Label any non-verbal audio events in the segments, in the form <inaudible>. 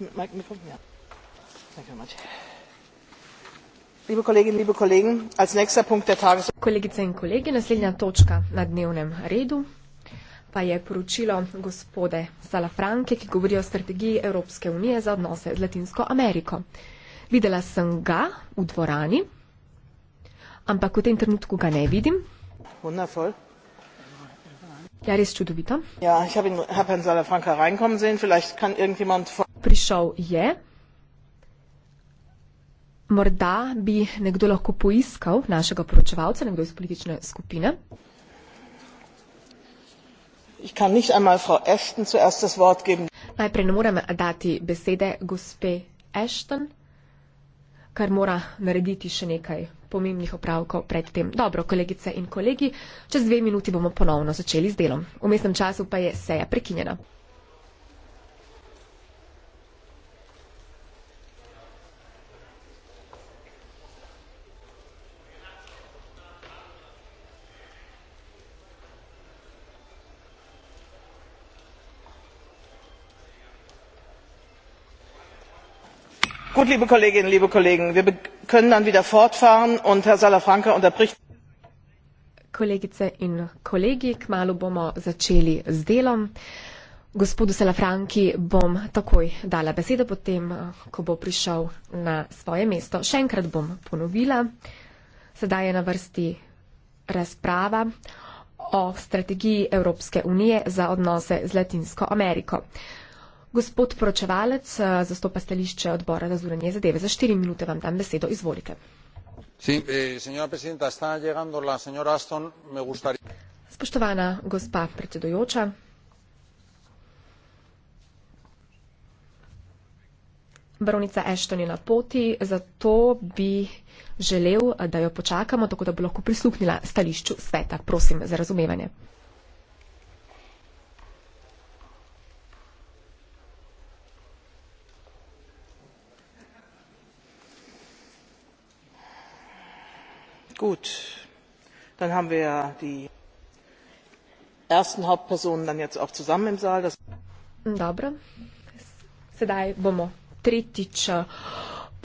microphone? Yeah. Ja. Thank you very much. Liebe Kolleginnen, liebe Kollegen, als nächster Punkt der Tagesordnung. Kolegice in kolegi, naslednja točka na dnevnem redu pa je poročilo gospode Salafranke, ki govori o strategiji Evropske unije za odnose z Latinsko Ameriko. Videla sem ga v dvorani, ampak v tem trenutku ga ne vidim. Wundervoll. Ja, res čudovito. Ja, ich habe ihn, hab Herrn Salafranke reinkommen sehen, vielleicht kann irgendjemand von prišel je. Morda bi nekdo lahko poiskal našega poročevalca, nekdo iz politične skupine. Najprej ne morem dati besede gospe Ashton, kar mora narediti še nekaj pomembnih opravkov pred tem. Dobro, kolegice in kolegi, čez dve minuti bomo ponovno začeli z delom. V mestnem času pa je seja prekinjena. gut liebe kolleginnen liebe kollegen wir können dann wieder fortfahren und herr salafranca unterbricht Kolegice in kolegi, kmalo bomo začeli z delom. Gospodu Salafranki bom takoj dala besedo, potem, eh, ko bo prišel na svoje mesto. Še enkrat bom ponovila. Sedaj je na vrsti razprava o strategiji Evropske unije za odnose z Latinsko Ameriko. Uh, Gospod poročevalec, eh, zastopa stališče odbora za zunanje zadeve. Za štiri minute vam dam besedo. Izvolite. Eh, Spoštovana gospa predsedujoča, Baronica Ashton je na poti, zato bi želel, eh, da jo počakamo, tako da bo lahko prisluhnila stališču sveta. Prosim za razumevanje. gut dann haben wir die ersten Hauptpersonen dann jetzt auch zusammen im Saal das dobro sedaj bomo tretjič eh,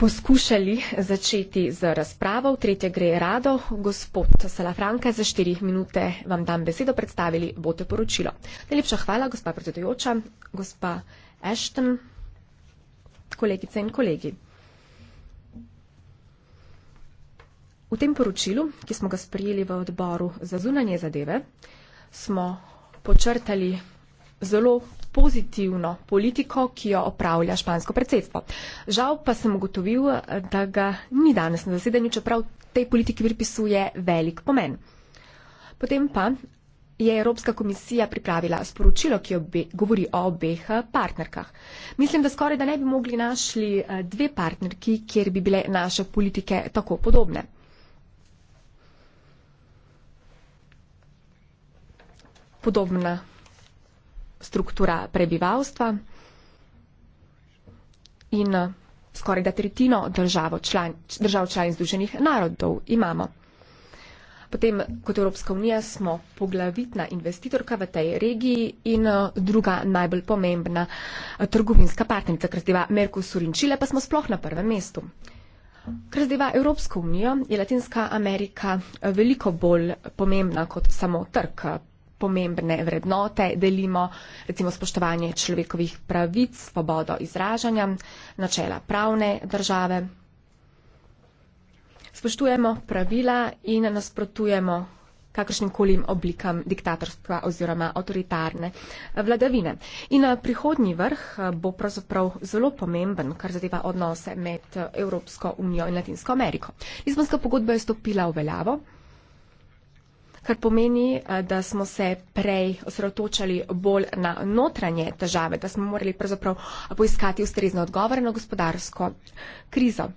poskušali začeti z razpravo v tretje gre rado gospod Salafranka za 4 minute vam dam besedo predstavili bote poročilo najlepša hvala gospa predsedujoča gospa Ashton kolegice in kolegi V tem poročilu, ki smo ga sprijeli v odboru za zunanje zadeve, smo počrtali zelo pozitivno politiko, ki jo opravlja špansko predsedstvo. Žal pa sem ugotovil, da ga ni danes na zasedanju, čeprav tej politiki pripisuje velik pomen. Potem pa je Evropska komisija pripravila sporočilo, ki obe, govori o obeh eh, partnerkah. Mislim, da skoraj da ne bi mogli našli eh, dve partnerki, kjer bi bile naše politike tako podobne. podobna struktura prebivalstva in skoraj da tretjino državo član, držav članic Združenih narodov imamo. Potem kot Evropska unija smo poglavitna investitorka v tej regiji in eh, druga najbolj pomembna eh, trgovinska partnerica Krasdeva Merkosur in Čile pa smo sploh na prvem mestu. Krasdeva Evropsko unijo je Latinska Amerika eh, veliko bolj pomembna kot samo trg pomembne vrednote, delimo recimo spoštovanje človekovih pravic, svobodo izražanja, načela pravne države. Spoštujemo pravila in nasprotujemo kakršnim koli oblikam diktatorstva oziroma avtoritarne vladavine. In eh, prihodnji vrh eh, bo pravzaprav zelo pomemben, kar zadeva odnose med eh, Evropsko unijo in Latinsko Ameriko. Lizbonska pogodba je stopila v veljavo kar pomeni, eh, da smo se prej osredotočali bolj na notranje težave, da smo morali pravzaprav poiskati ustrezne odgovore na gospodarsko krizo.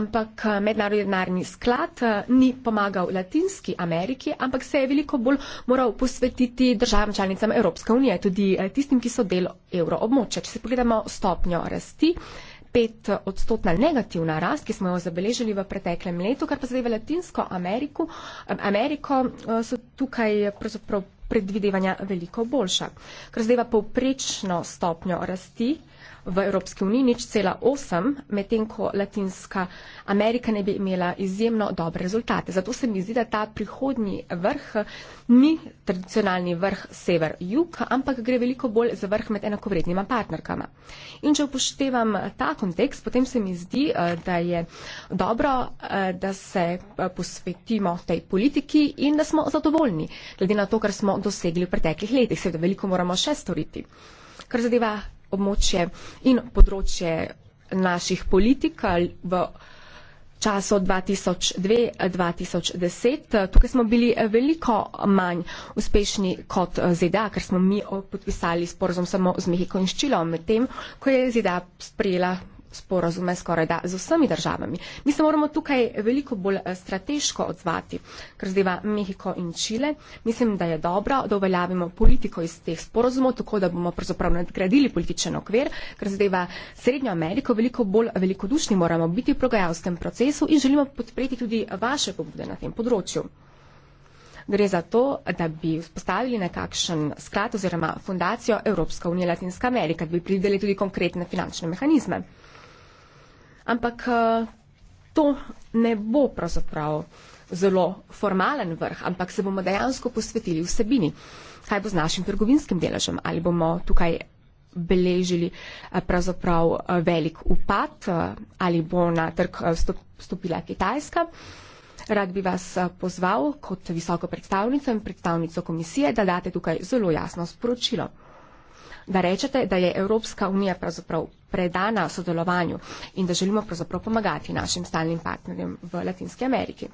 Ampak eh, mednarodni denarni sklad eh, ni pomagal Latinski Ameriki, ampak se je veliko bolj moral posvetiti državam članicam Evropske unije, tudi tistim, ki so del evroobmočja. Če se pogledamo stopnjo rasti, 5-odstotna negativna rast, ki smo jo zabeležili v preteklem letu, kar pa zadeva Latinsko Ameriko, Ameriko eh, so tukaj predvidevanja veliko boljša. Kar zadeva povprečno stopnjo rasti, v Evropski uniji nič cela osem, medtem ko Latinska Amerika ne bi imela izjemno dobre rezultate. Zato se mi zdi, da ta prihodnji vrh ni tradicionalni vrh sever-jug, ampak gre veliko bolj za vrh med enakovrednima partnerkama. In če upoštevam ta kontekst, potem se mi zdi, eh, da je dobro, eh, da se eh, posvetimo tej politiki in da smo zadovoljni, glede na to, kar smo dosegli v preteklih letih. Seveda veliko moramo še storiti. Kar zadeva območje in področje naših politik v času 2002-2010. Tukaj smo bili eh, veliko manj uspešni kot eh, ZDA, ker smo mi eh, podpisali sporozum samo z Mehiko in Ščilom, medtem ko je ZDA sprejela sporazume skoraj da z vsemi državami. Mi se moramo tukaj veliko bolj eh, strateško odzvati, kar zdeva Mehiko in Čile. Mislim, da je dobro, da uveljavimo politiko iz teh sporazumov, tako da bomo pravzaprav nadgradili političen okvir, kar zdeva Srednjo Ameriko. Veliko bolj velikodušni moramo biti v progajalskem procesu in želimo podpreti tudi vaše pobude na tem področju. Gre za to, da bi vzpostavili nekakšen sklad oziroma fundacijo Evropska unija Latinska Amerika, da bi pridali tudi konkretne finančne mehanizme. Ampak eh, to ne bo pravzaprav zelo formalen vrh, ampak se bomo dejansko posvetili vsebini. Kaj bo z našim trgovinskim deležem? Ali bomo tukaj beležili eh, pravzaprav eh, velik upad? Ali bo na trg vstopila Kitajska? Rad bi vas pozval kot visoko predstavnico in predstavnico komisije, da date tukaj zelo jasno sporočilo da rečete, da je Evropska unija pravzaprav predana sodelovanju in da želimo pravzaprav pomagati našim stalnim partnerjem v Latinski Ameriki.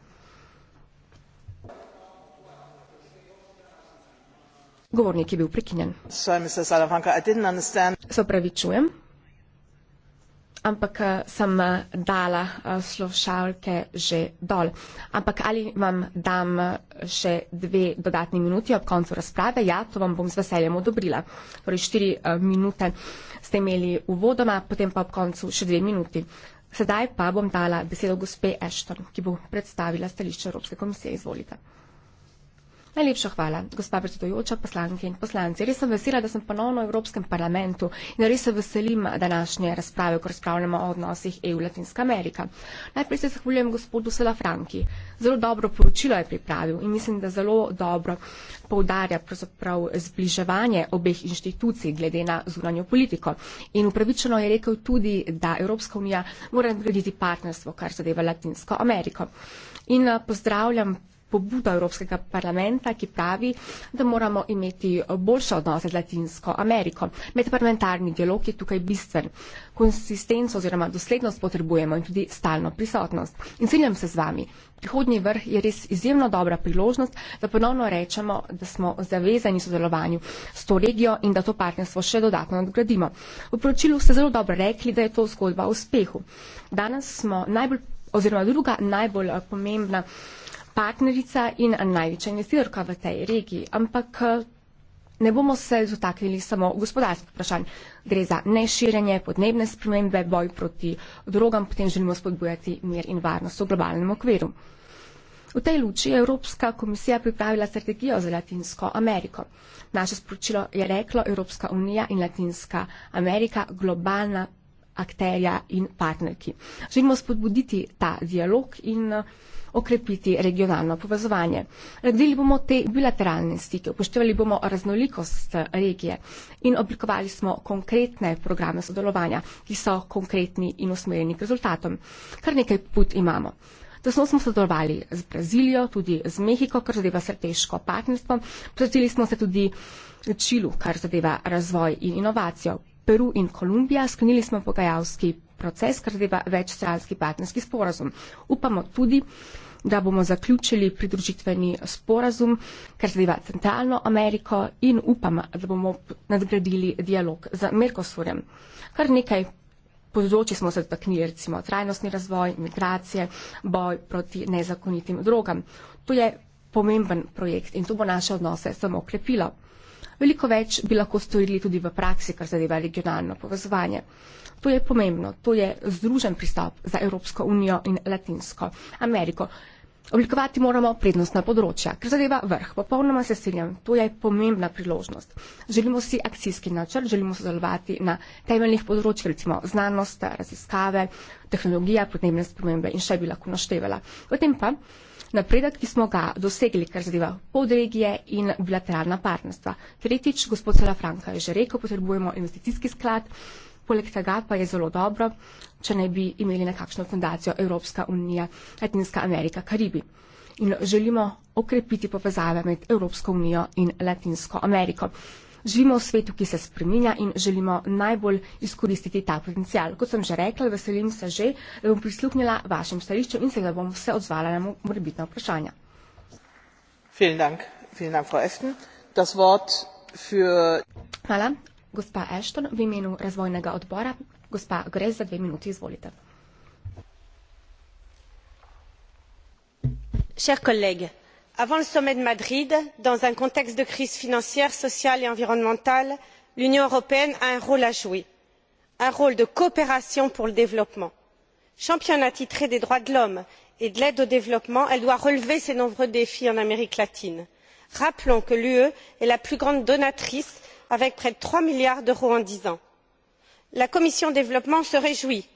Govornik je bil prekinjen. Se opravičujem ampak eh, sem eh, dala eh, slušalke že dol. Ampak ali vam dam še dve dodatni minuti ob koncu razprave? Ja, to vam bom z veseljem odobrila. Torej štiri minute ste imeli uvodoma, potem pa ob koncu še dve minuti. Sedaj pa bom dala besedo gospe Ešton, ki bo predstavila stališče Evropske komisije. Izvolite. Najlepša hvala, gospa predsedujoča, poslanke in poslanci. Res sem vesela, da sem ponovno v Evropskem parlamentu in res se veselim današnje razprave, ko razpravljamo o odnosih EU-Latinska Amerika. Najprej se zahvaljujem gospodu Sela Franki. Zelo dobro poročilo je pripravil in mislim, da zelo dobro poudarja zbliževanje obeh inštitucij glede na zunanjo politiko. In upravičeno je rekel tudi, da Evropska unija mora narediti partnerstvo, kar zadeva Latinsko Ameriko. In eh, pozdravljam pobudo Evropskega parlamenta, ki pravi, da moramo imeti boljše odnose z Latinsko Ameriko. Medparlamentarni dialog je tukaj bistven. Konsistenco oziroma doslednost potrebujemo in tudi stalno prisotnost. In ciljam se z vami. Prihodnji vrh je res izjemno dobra priložnost, da ponovno rečemo, da smo zavezani sodelovanju s to regijo in da to partnerstvo še dodatno nadgradimo. V poročilu ste zelo dobro rekli, da je to zgodba o uspehu. Danes smo najbolj, oziroma druga najbolj pomembna partnerica in največja investitorka v tej regiji. Ampak eh, ne bomo se dotaknili samo gospodarskih vprašanj. Gre za neširjenje, podnebne spremembe, boj proti drogam, potem želimo spodbujati mir in varnost v globalnem okviru. V tej luči je Evropska komisija pripravila strategijo za Latinsko Ameriko. Naše sporočilo je reklo Evropska unija in Latinska Amerika globalna akterja in partnerki. Želimo spodbuditi ta dialog in uh, okrepiti regionalno povezovanje. Radili bomo te bilateralne stike, upoštevali bomo raznolikost regije in oblikovali smo konkretne programe sodelovanja, ki so konkretni in usmerjeni k rezultatom. Kar nekaj put imamo. Tesno smo sodelovali z Brazilijo, tudi z Mehiko, kar zadeva strateško partnerstvo. Posvetili smo se tudi Čilu, kar zadeva razvoj in inovacijo. Peru in Kolumbija sklenili smo pogajalski proces, kar zadeva večstranski partnerski sporazum. Upamo tudi, da bomo zaključili pridružitveni sporazum, kar zadeva Centralno Ameriko in upam, da bomo nadgradili dialog z Merkosurjem. Kar nekaj področji smo se dotaknili, recimo trajnostni razvoj, migracije, boj proti nezakonitim drogam. To je pomemben projekt in to bo naše odnose samo okrepilo. Veliko več bi lahko storili tudi v praksi, kar zadeva regionalno povezovanje. To je pomembno, to je združen pristop za Evropsko unijo in Latinsko Ameriko. Oblikovati moramo prednostna področja, ker zadeva vrh. Popolnoma se strinjam, to je pomembna priložnost. Želimo si akcijski načrt, želimo sodelovati na temeljnih področjih, recimo znanost, raziskave, tehnologija, podnebne spremembe in še bi lahko naštevala. Potem pa napredek, ki smo ga dosegli, kar zadeva podregije in bilateralna partnerstva. Tretjič, gospod Salafranka je že rekel, potrebujemo investicijski sklad poleg tega pa je zelo dobro, če ne bi imeli nekakšno fundacijo Evropska unija, Latinska Amerika, Karibi. In želimo okrepiti povezave med Evropsko unijo in Latinsko Ameriko. Živimo v svetu, ki se spreminja in želimo najbolj izkoristiti ta potencial. Kot sem že rekla, veselim se že, da bom prisluhnila vašim stališčem in se da bom vse odzvala na morbitna vprašanja. Hvala. Hvala, Frau Eften. Das Wort für... Hvala. Gospa Ashton, v imenu razvojnega odbora, gospa Grez, za dve minuti, izvolite. Chers collègues, avant le sommet de Madrid, dans un contexte de crise financière, sociale et environnementale, l'Union européenne a un rôle à jouer, un rôle de coopération pour le développement. Championne attitrée des droits de l'homme et de l'aide au développement, elle doit relever ses nombreux défis en Amérique latine. Rappelons que l'UE est la plus grande donatrice avec près de trois milliards d'euros en dix ans. la commission du développement se réjouit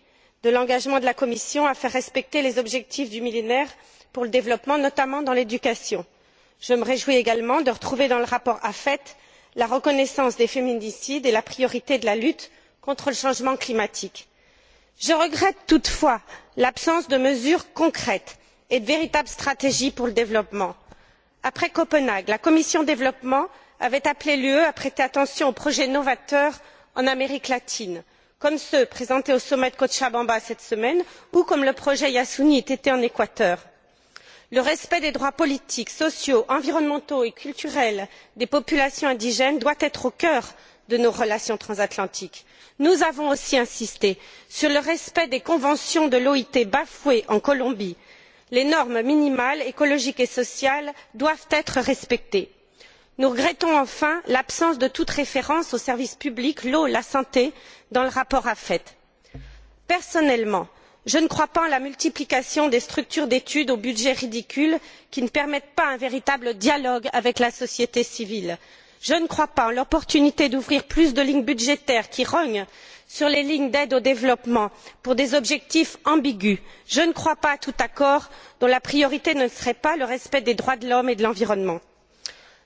de l'engagement de la commission à faire respecter les objectifs du millénaire pour le développement notamment dans l'éducation. je me réjouis également de retrouver dans le rapport affet la reconnaissance des féminicides et la priorité de la lutte contre le changement climatique. je regrette toutefois l'absence de mesures concrètes et de véritables stratégies pour le développement. après copenhague la commission du développement avait appelé l'ue à prêter attention aux projets novateurs en amérique latine comme ceux présentés au sommet de cochabamba cette semaine ou comme le projet yasuni tt en équateur. le respect des droits politiques sociaux environnementaux et culturels des populations indigènes doit être au cœur de nos relations transatlantiques. nous avons aussi insisté sur le respect des conventions de l'oit bafouées en colombie. les normes minimales écologiques et sociales doivent être respectées nous regrettons enfin l'absence de toute référence aux services publics l'eau la santé dans le rapport affet. personnellement je ne crois pas en la multiplication des structures d'études aux budgets ridicules qui ne permettent pas un véritable dialogue avec la société civile. je ne crois pas en l'opportunité d'ouvrir plus de lignes budgétaires qui rognent sur les lignes d'aide au développement pour des objectifs ambigus. je ne crois pas à tout accord dont la priorité ne serait pas le respect des droits de l'homme et de l'environnement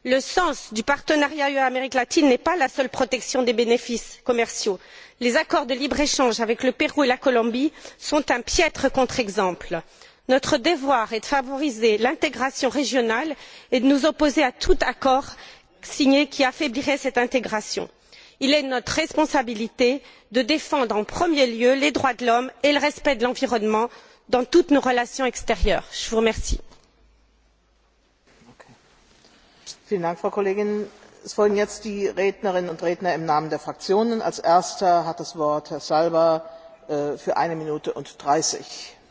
le sens du partenariat ue amérique latine n'est pas la seule protection des bénéfices commerciaux les accords de libre échange avec le pérou et la colombie sont un piètre contre exemple. notre devoir est de favoriser l'intégration régionale et de nous opposer à tout accord signé qui affaiblirait cette intégration. il est de notre responsabilité de défendre en premier lieu les droits de l'homme et le respect de l'environnement dans toutes nos relations extérieures. je vous remercie. es folgen jetzt die rednerinnen und redner im namen der fraktionen. als erster hat das wort herr zalba äh, für eine minute und dreißig sekunden.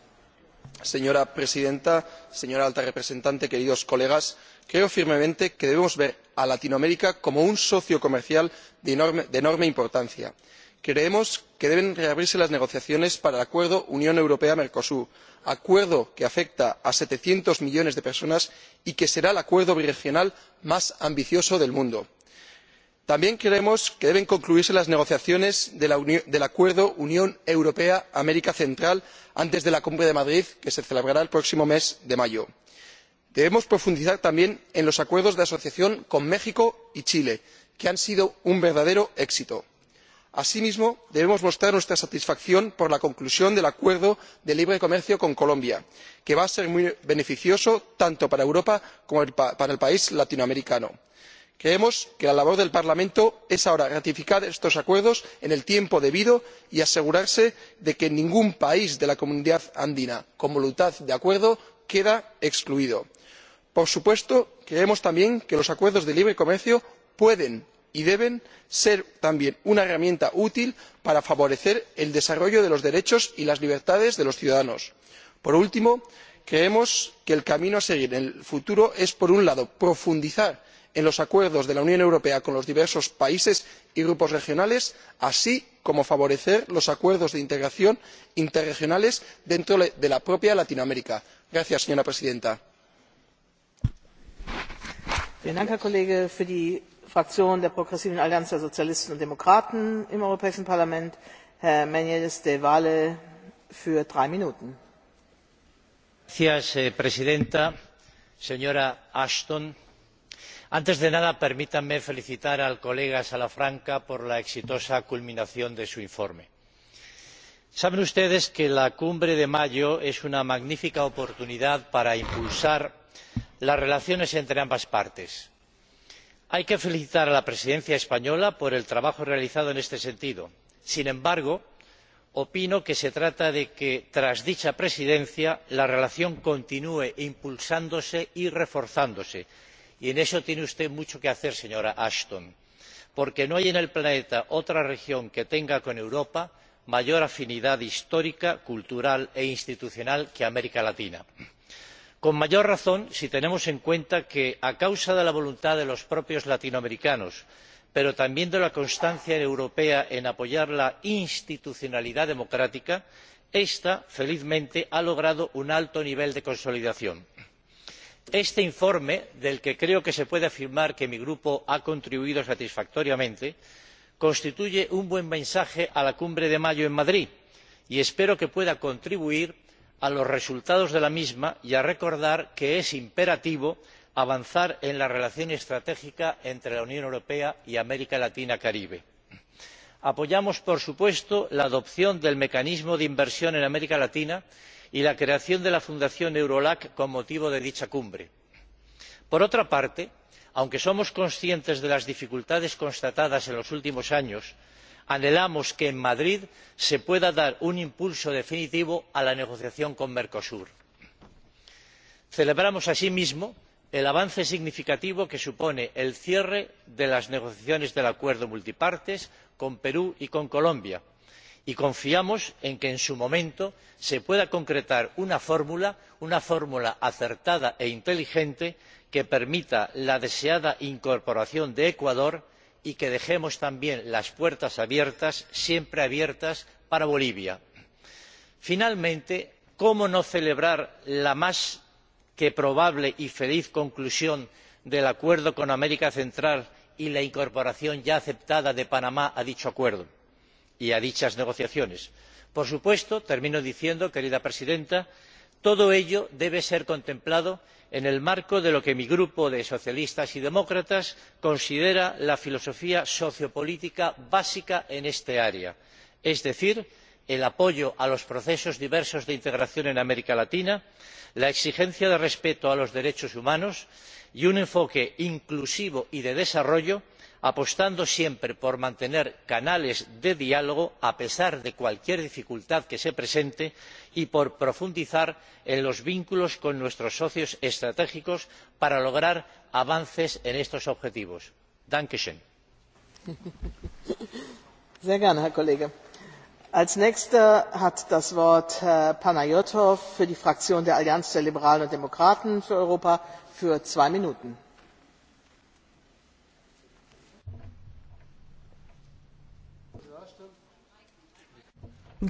señora presidenta señora alta representante queridos colegas creo firmemente que debemos ver a latinoamérica como un socio comercial de enorme importancia creemos que deben reabrirse las negociaciones para el acuerdo unión europea mercosur acuerdo que afecta a setecientos millones de personas y que será el acuerdo birregional más ambicioso del mundo. también creemos que deben concluirse las negociaciones del acuerdo unión europea américa central antes de la cumbre de madrid que se celebrará el próximo mes de mayo. debemos profundizar también en los acuerdos de asociación con méxico y chile que han sido un verdadero éxito asimismo debemos mostrar nuestra satisfacción por la conclusión del acuerdo de libre comercio con colombia que va a ser muy beneficioso tanto para europa como para el país latinoamericano. creemos que la labor del parlamento es ahora ratificar estos acuerdos en el tiempo debido y asegurarse de que ningún país de la comunidad andina con voluntad de acuerdo queda excluido. por supuesto creemos también que los acuerdos de libre comercio pueden y deben ser también una herramienta útil para favorecer el desarrollo de los derechos y las libertades de los ciudadanos. por último creemos que el camino a seguir en el futuro es por un lado profundizar en los acuerdos de la unión europea con los diversos países y grupos regionales así como favorecer los acuerdos de integración interregionales dentro de la propia latinoamérica. señora presidenta fraktion der progressiven allianz der sozialisten und demokraten im europäischen parlament herr manlis devalle für drei minuten. frau eh, präsidentin señora ashton! antes de nada permítanme felicitar al kollegen salafranca por la exitosa culminación de su informe. saben ustedes que la cumbre de mayo es una magnífica oportunidad para impulsar las relaciones entre ambas partes hay que felicitar a la presidencia española por el trabajo realizado en este sentido. sin embargo opino que se trata de que tras dicha presidencia la relación continúe impulsándose y reforzándose y en eso tiene usted mucho que hacer señora ashton porque no hay en el planeta otra región que tenga con europa mayor afinidad histórica cultural e institucional que américa latina. por con mayor razón si tenemos en cuenta que a causa de la voluntad de los propios latinoamericanos pero también de la constancia europea en apoyar la institucionalidad democrática ésta felizmente ha logrado un alto nivel de consolidación. este informe del que creo que se puede afirmar que mi grupo ha contribuido satisfactoriamente constituye un buen mensaje a la cumbre de mayo en madrid y espero que pueda contribuir a los resultados de la misma y a recordar que es imperativo avanzar en la relación estratégica entre la unión europea y américa latina y el caribe. apoyamos por supuesto la adopción del mecanismo de inversión en américa latina y la creación de la fundación eurolac con motivo de dicha cumbre. por otra parte aunque somos conscientes de las dificultades constatadas en los últimos años anhelamos que en madrid se pueda dar un impulso definitivo a la negociación con mercosur. celebramos asimismo el avance significativo que supone el cierre de las negociaciones del acuerdo multipartes con perú y con colombia y confiamos en que en su momento se pueda concretar una fórmula una fórmula acertada e inteligente que permita la deseada incorporación de ecuador y que dejemos también las puertas abiertas siempre abiertas para bolivia. finalmente cómo no celebrar la más que probable y feliz conclusión del acuerdo con américa central y la incorporación ya aceptada de panamá a dicho acuerdo y a dichas negociaciones? por supuesto termino diciendo querida presidenta todo ello debe ser contemplado en el marco de lo que mi grupo de socialistas y demócratas considera la filosofía sociopolítica básica en esta área es decir el apoyo a los procesos diversos de integración en américa latina la exigencia de respeto a los derechos humanos y un enfoque inclusivo y de desarrollo apostando siempre por mantener canales de diálogo a pesar de cualquier dificultad que se presente y por profundizar en los vínculos con nuestros socios estratégicos para lograr avances en estos objetivos. danke schön! <laughs> sehr gerne herr kollege! als nächster hat das wort herr panayotov für die fraktion der allianz der liberalen und demokraten für europa für zwei minuten. Ja.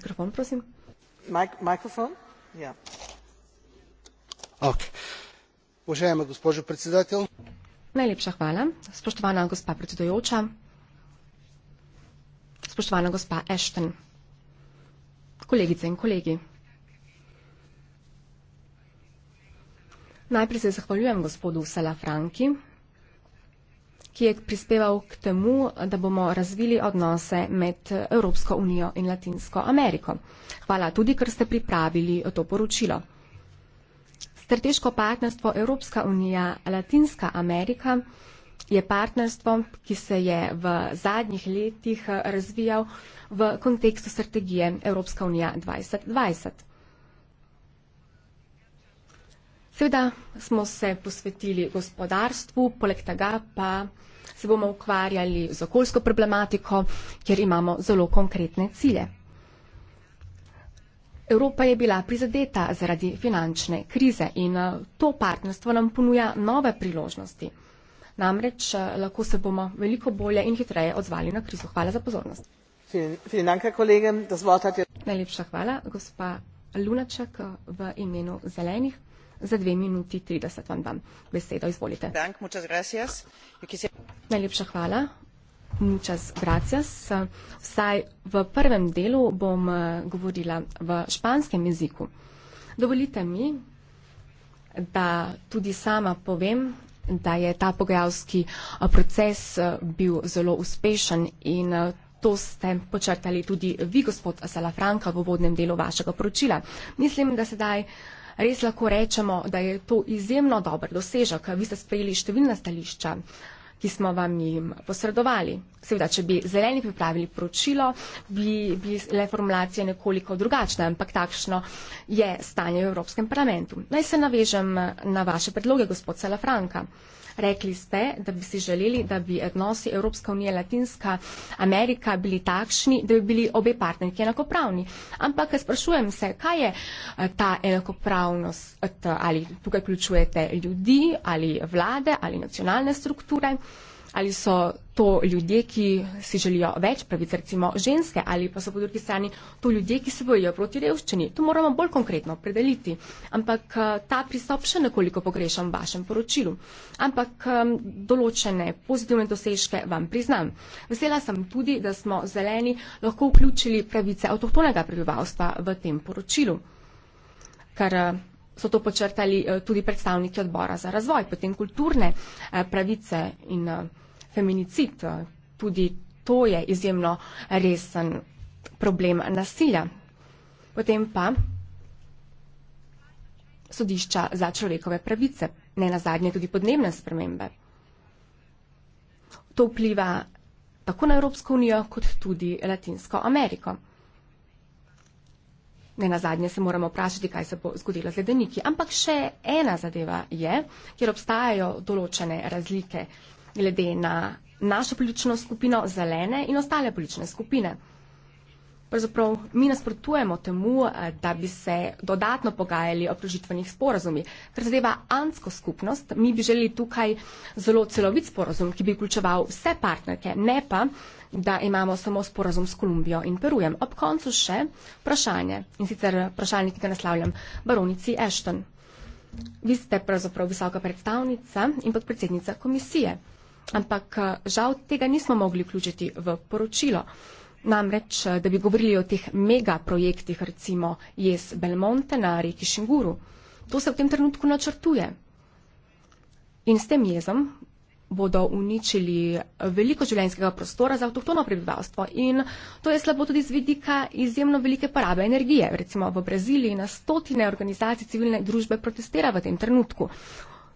Najlepša hvala. Spoštovana gospa predsedujoča, spoštovana gospa Ashton, kolegice in kolegi. Najprej se zahvaljujem gospodu Salafranki ki je prispeval k temu, da bomo razvili odnose med Evropsko unijo in Latinsko Ameriko. Hvala tudi, ker ste pripravili to poročilo. Strateško partnerstvo Evropska unija-Latinska Amerika je partnerstvo, ki se je v zadnjih letih razvijal v kontekstu strategije Evropska unija 2020. Seveda smo se posvetili gospodarstvu, poleg tega pa se bomo ukvarjali z okoljsko problematiko, kjer imamo zelo konkretne cilje. Evropa je bila prizadeta zaradi finančne krize in eh, to partnerstvo nam ponuja nove priložnosti. Namreč eh, lahko se bomo veliko bolje in hitreje odzvali na krizo. Hvala za pozornost. Najlepša hvala, gospa Lunaček v imenu zelenih za dve minuti trideset vam dam besedo. Izvolite. Najlepša hvala. Muchas gracias. Vsaj v prvem delu bom eh, govorila v španskem jeziku. Dovolite mi, da tudi sama povem, da je ta pogajalski eh, proces eh, bil zelo uspešen in to ste počrtali tudi vi, gospod Salafranka, v uvodnem delu vašega poročila. Mislim, da sedaj res lahko rečemo, da je to izjemno dober dosežek. Vi ste sprejeli številna stališča, ki smo vam jim posredovali. Seveda, če bi zeleni pripravili poročilo, bi bile formulacije nekoliko drugačne, ampak takšno je stanje v Evropskem parlamentu. Naj se navežem na vaše predloge, gospod Salafranka. Franka. Rekli ste, da bi si želeli, da bi odnosi Evropska unija, Latinska Amerika bili takšni, da bi bili obe partnerki enakopravni. Ampak sprašujem se, kaj je eh, ta enakopravnost, eh, ali tukaj vključujete ljudi, ali vlade, ali nacionalne strukture ali so to ljudje, ki si želijo več pravic, recimo ženske, ali pa so po drugi strani to ljudje, ki se bojijo proti revščini. To moramo bolj konkretno predeliti. Ampak eh, ta pristop še nekoliko pogrešam v vašem poročilu. Ampak eh, določene pozitivne dosežke vam priznam. Vesela sem tudi, da smo zeleni lahko vključili pravice avtohtonega prebivalstva v tem poročilu. Kar eh, so to počrtali tudi predstavniki odbora za razvoj, potem kulturne pravice in feminicid. Tudi to je izjemno resen problem nasilja. Potem pa sodišča za človekove pravice, ne nazadnje tudi podnebne spremembe. To vpliva tako na Evropsko unijo, kot tudi Latinsko Ameriko. Ne nazadnje se moramo vprašati, kaj se bo zgodilo z ledeniki. Ampak še ena zadeva je, kjer obstajajo določene razlike glede na našo politično skupino, zelene in ostale politične skupine. Pravzaprav mi nasprotujemo temu, eh, da bi se dodatno pogajali o prožitvenih sporazumih. Kar zadeva ansko skupnost, mi bi želeli tukaj zelo celovit sporazum, ki bi vključeval vse partnerke, ne pa, da imamo samo sporazum s Kolumbijo in Perujem. Ob koncu še vprašanje, in sicer vprašanje, ki ga naslavljam baronici Ashton. Vi ste pravzaprav visoka predstavnica in podpredsednica komisije ampak eh, žal tega nismo mogli vključiti v poročilo. Namreč, eh, da bi govorili o teh megaprojektih, recimo jez Belmonte na reki Šinguru, to se v tem trenutku načrtuje. In s tem jezom bodo uničili eh, veliko življenjskega prostora za avtohtono prebivalstvo in to je slabo tudi z vidika izjemno velike porabe energije. Recimo v Braziliji na stotine organizacij civilne družbe protestira v tem trenutku.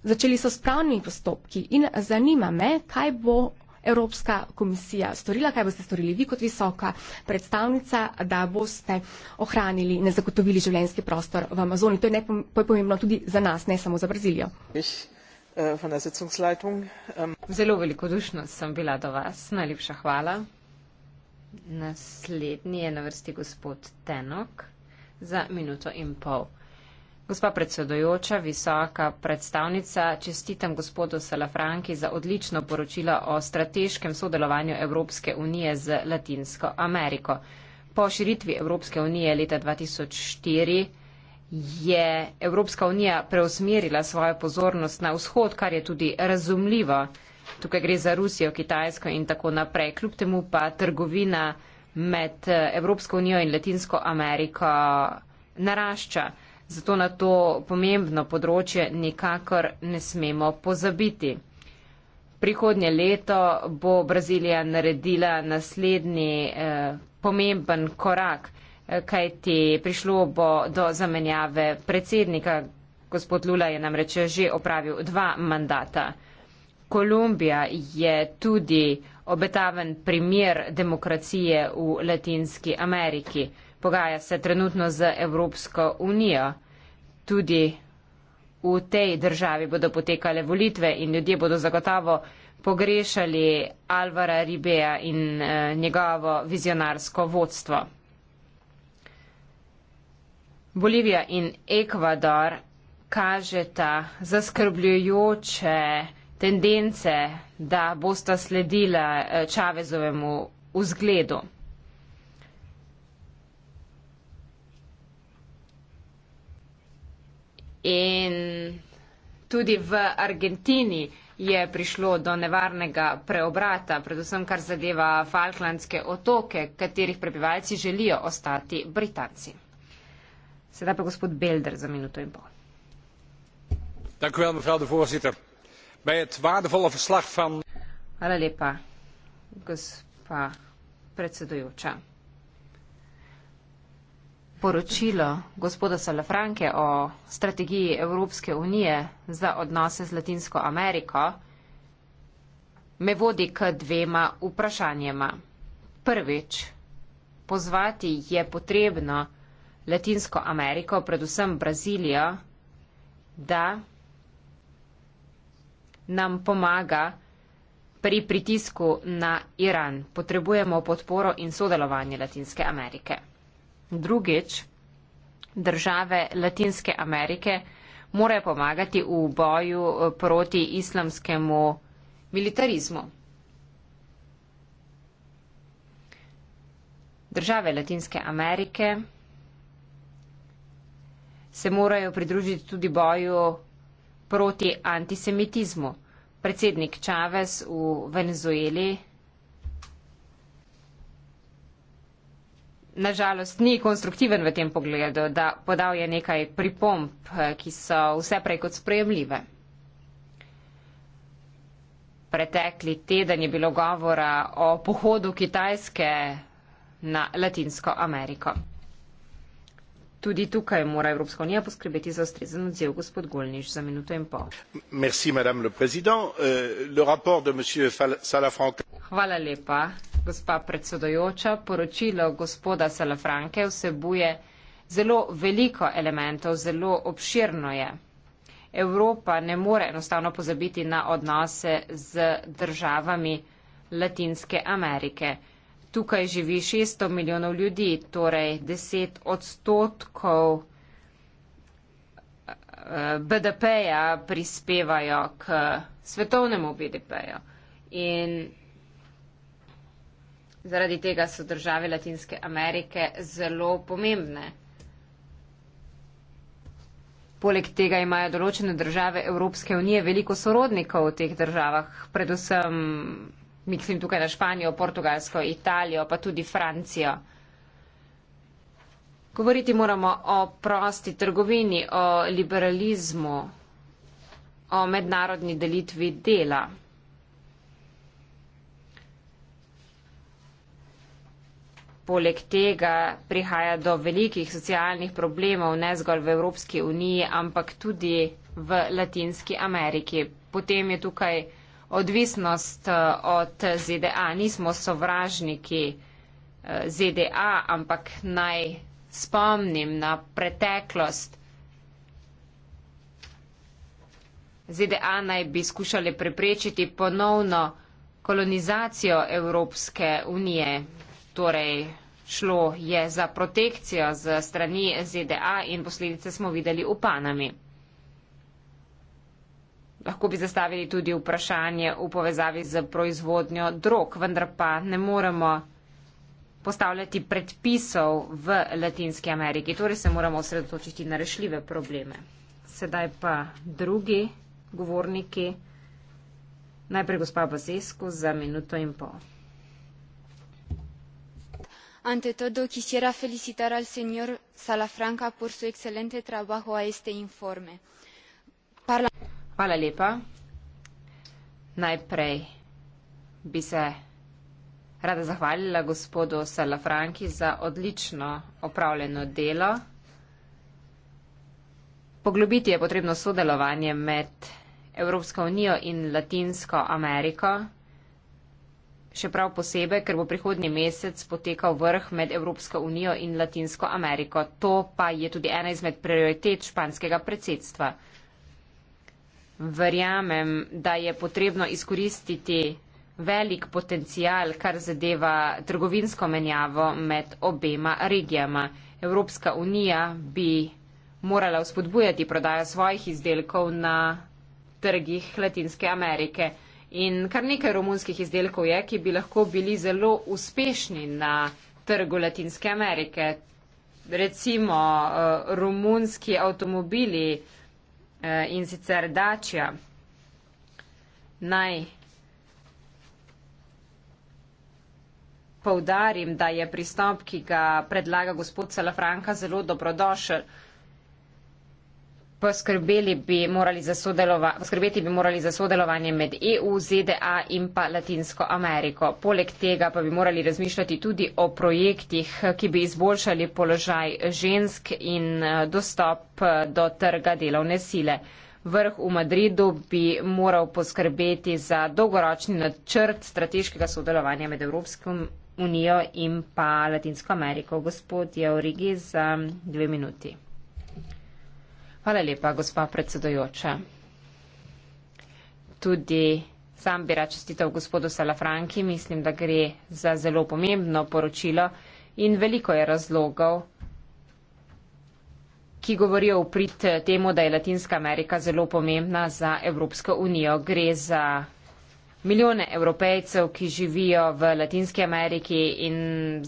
Začeli so s pravnimi postopki in zanima me, kaj bo Evropska komisija storila, kaj boste storili vi kot visoka predstavnica, da boste ohranili in zagotovili življenjski prostor v Amazoni. To je najpomembno tudi za nas, ne samo za Brazilijo. Eh, ehm, Zelo velikodušno sem bila do vas. Najlepša hvala. Naslednji je na vrsti gospod Tenok za minuto in pol. Gospa predsedujoča, visoka predstavnica, čestitam gospodu Salafranki za odlično poročilo o strateškem sodelovanju Evropske unije z Latinsko Ameriko. Po širitvi Evropske unije leta 2004 je Evropska unija preusmerila svojo pozornost na vzhod, kar je tudi razumljivo. Tukaj gre za Rusijo, Kitajsko in tako naprej. Kljub temu pa trgovina med eh, Evropsko unijo in Latinsko Ameriko narašča zato na to pomembno področje nikakor ne smemo pozabiti. Prihodnje leto bo Brazilija naredila naslednji eh, pomemben korak, eh, kajti prišlo bo do zamenjave predsednika. Gospod Lula je namreč že opravil dva mandata. Kolumbija je tudi obetaven primer demokracije v Latinski Ameriki pogaja se trenutno z Evropsko unijo. Tudi v tej državi bodo potekale volitve in ljudje bodo zagotovo pogrešali Alvara Ribeja in eh, njegovo vizionarsko vodstvo. Bolivija in Ekvador kažeta zaskrbljujoče tendence, da bosta sledila eh, Čavezovemu vzgledu. In tudi v Argentini je prišlo do nevarnega preobrata, predvsem kar zadeva Falklandske otoke, katerih prebivalci želijo ostati Britanci. Sedaj pa gospod Belder za minuto in pol. Hvala lepa, gospa predsedujoča poročilo gospoda Salafranke o strategiji Evropske unije za odnose z Latinsko Ameriko, me vodi k dvema vprašanjema. Prvič, pozvati je potrebno Latinsko Ameriko, predvsem Brazilijo, da nam pomaga pri pritisku na Iran. Potrebujemo podporo in sodelovanje Latinske Amerike. Drugič, države Latinske Amerike morajo pomagati v boju eh, proti islamskemu militarizmu. Države Latinske Amerike se morajo pridružiti tudi boju proti antisemitizmu. Predsednik Čavez v Venezueli nažalost ni konstruktiven v tem pogledu, da podal je nekaj pripomp, eh, ki so vse prej kot sprejemljive. Pretekli teden je bilo govora o pohodu Kitajske na Latinsko Ameriko. Tudi tukaj mora Evropska unija poskrbeti za ustrezen odziv, gospod Golniš, za minuto in pol. Merci, le euh, le de Hvala lepa gospa predsedojoča, poročilo gospoda Salafranke vsebuje zelo veliko elementov, zelo obširno je. Evropa ne more enostavno pozabiti na odnose z državami Latinske Amerike. Tukaj živi 600 milijonov ljudi, torej 10 odstotkov eh, BDP-ja prispevajo k svetovnemu BDP-ju. In Zaradi tega so države Latinske Amerike zelo pomembne. Poleg tega imajo določene države Evropske unije veliko sorodnikov v teh državah, predvsem mislim tukaj na Španijo, Portugalsko, Italijo, pa tudi Francijo. Govoriti moramo o prosti trgovini, o liberalizmu, o mednarodni delitvi dela. Poleg tega prihaja do velikih socialnih problemov ne zgolj v Evropski uniji, ampak tudi v Latinski Ameriki. Potem je tukaj odvisnost eh, od ZDA. Nismo sovražniki eh, ZDA, ampak naj spomnim na preteklost. ZDA naj bi skušali preprečiti ponovno kolonizacijo Evropske unije torej šlo je za protekcijo z strani ZDA in posledice smo videli v Panami. Lahko bi zastavili tudi vprašanje v povezavi z proizvodnjo drog, vendar pa ne moremo postavljati predpisov v Latinski Ameriki. Torej se moramo osredotočiti na rešljive probleme. Sedaj pa drugi govorniki. Najprej gospa Bazesko za minuto in pol ante todo quisiera felicitar al señor salafranca por su excelente trabajo a este informe. Hvala lepa. Najprej bi se rada zahvalila gospodu Salafranki za odlično opravljeno delo. Poglobiti je potrebno sodelovanje med Evropsko unijo in Latinsko Ameriko še prav posebej, ker bo prihodnji mesec potekal vrh med Evropsko unijo in Latinsko Ameriko. To pa je tudi ena izmed prioritet španskega predsedstva. Verjamem, da je potrebno izkoristiti velik potencial, kar zadeva trgovinsko menjavo med obema regijama. Evropska unija bi morala vzpodbujati prodajo svojih izdelkov na trgih Latinske Amerike. In kar nekaj romunskih izdelkov je, ki bi lahko bili zelo uspešni na trgu Latinske Amerike. Recimo uh, romunski avtomobili uh, in sicer Dačja. Naj povdarim, da je pristop, ki ga predlaga gospod Salafranka, zelo dobrodošel poskrbeli bi morali za, sodelova, poskrbeti bi morali za sodelovanje med EU, ZDA in pa Latinsko Ameriko. Poleg tega pa bi morali razmišljati tudi o projektih, ki bi izboljšali položaj žensk in eh, dostop eh, do trga delovne sile. Vrh v Madridu bi moral poskrbeti za dolgoročni načrt strateškega sodelovanja med Evropsko unijo in pa Latinsko Ameriko. Gospod Jaurigi za dve minuti. Hvala lepa, gospa predsedojoča. Tudi sam bi rad čestitev gospodu Salafranki. Mislim, da gre za zelo pomembno poročilo in veliko je razlogov, ki govorijo v prid temu, da je Latinska Amerika zelo pomembna za Evropsko unijo. Gre za milijone evropejcev, ki živijo v Latinski Ameriki in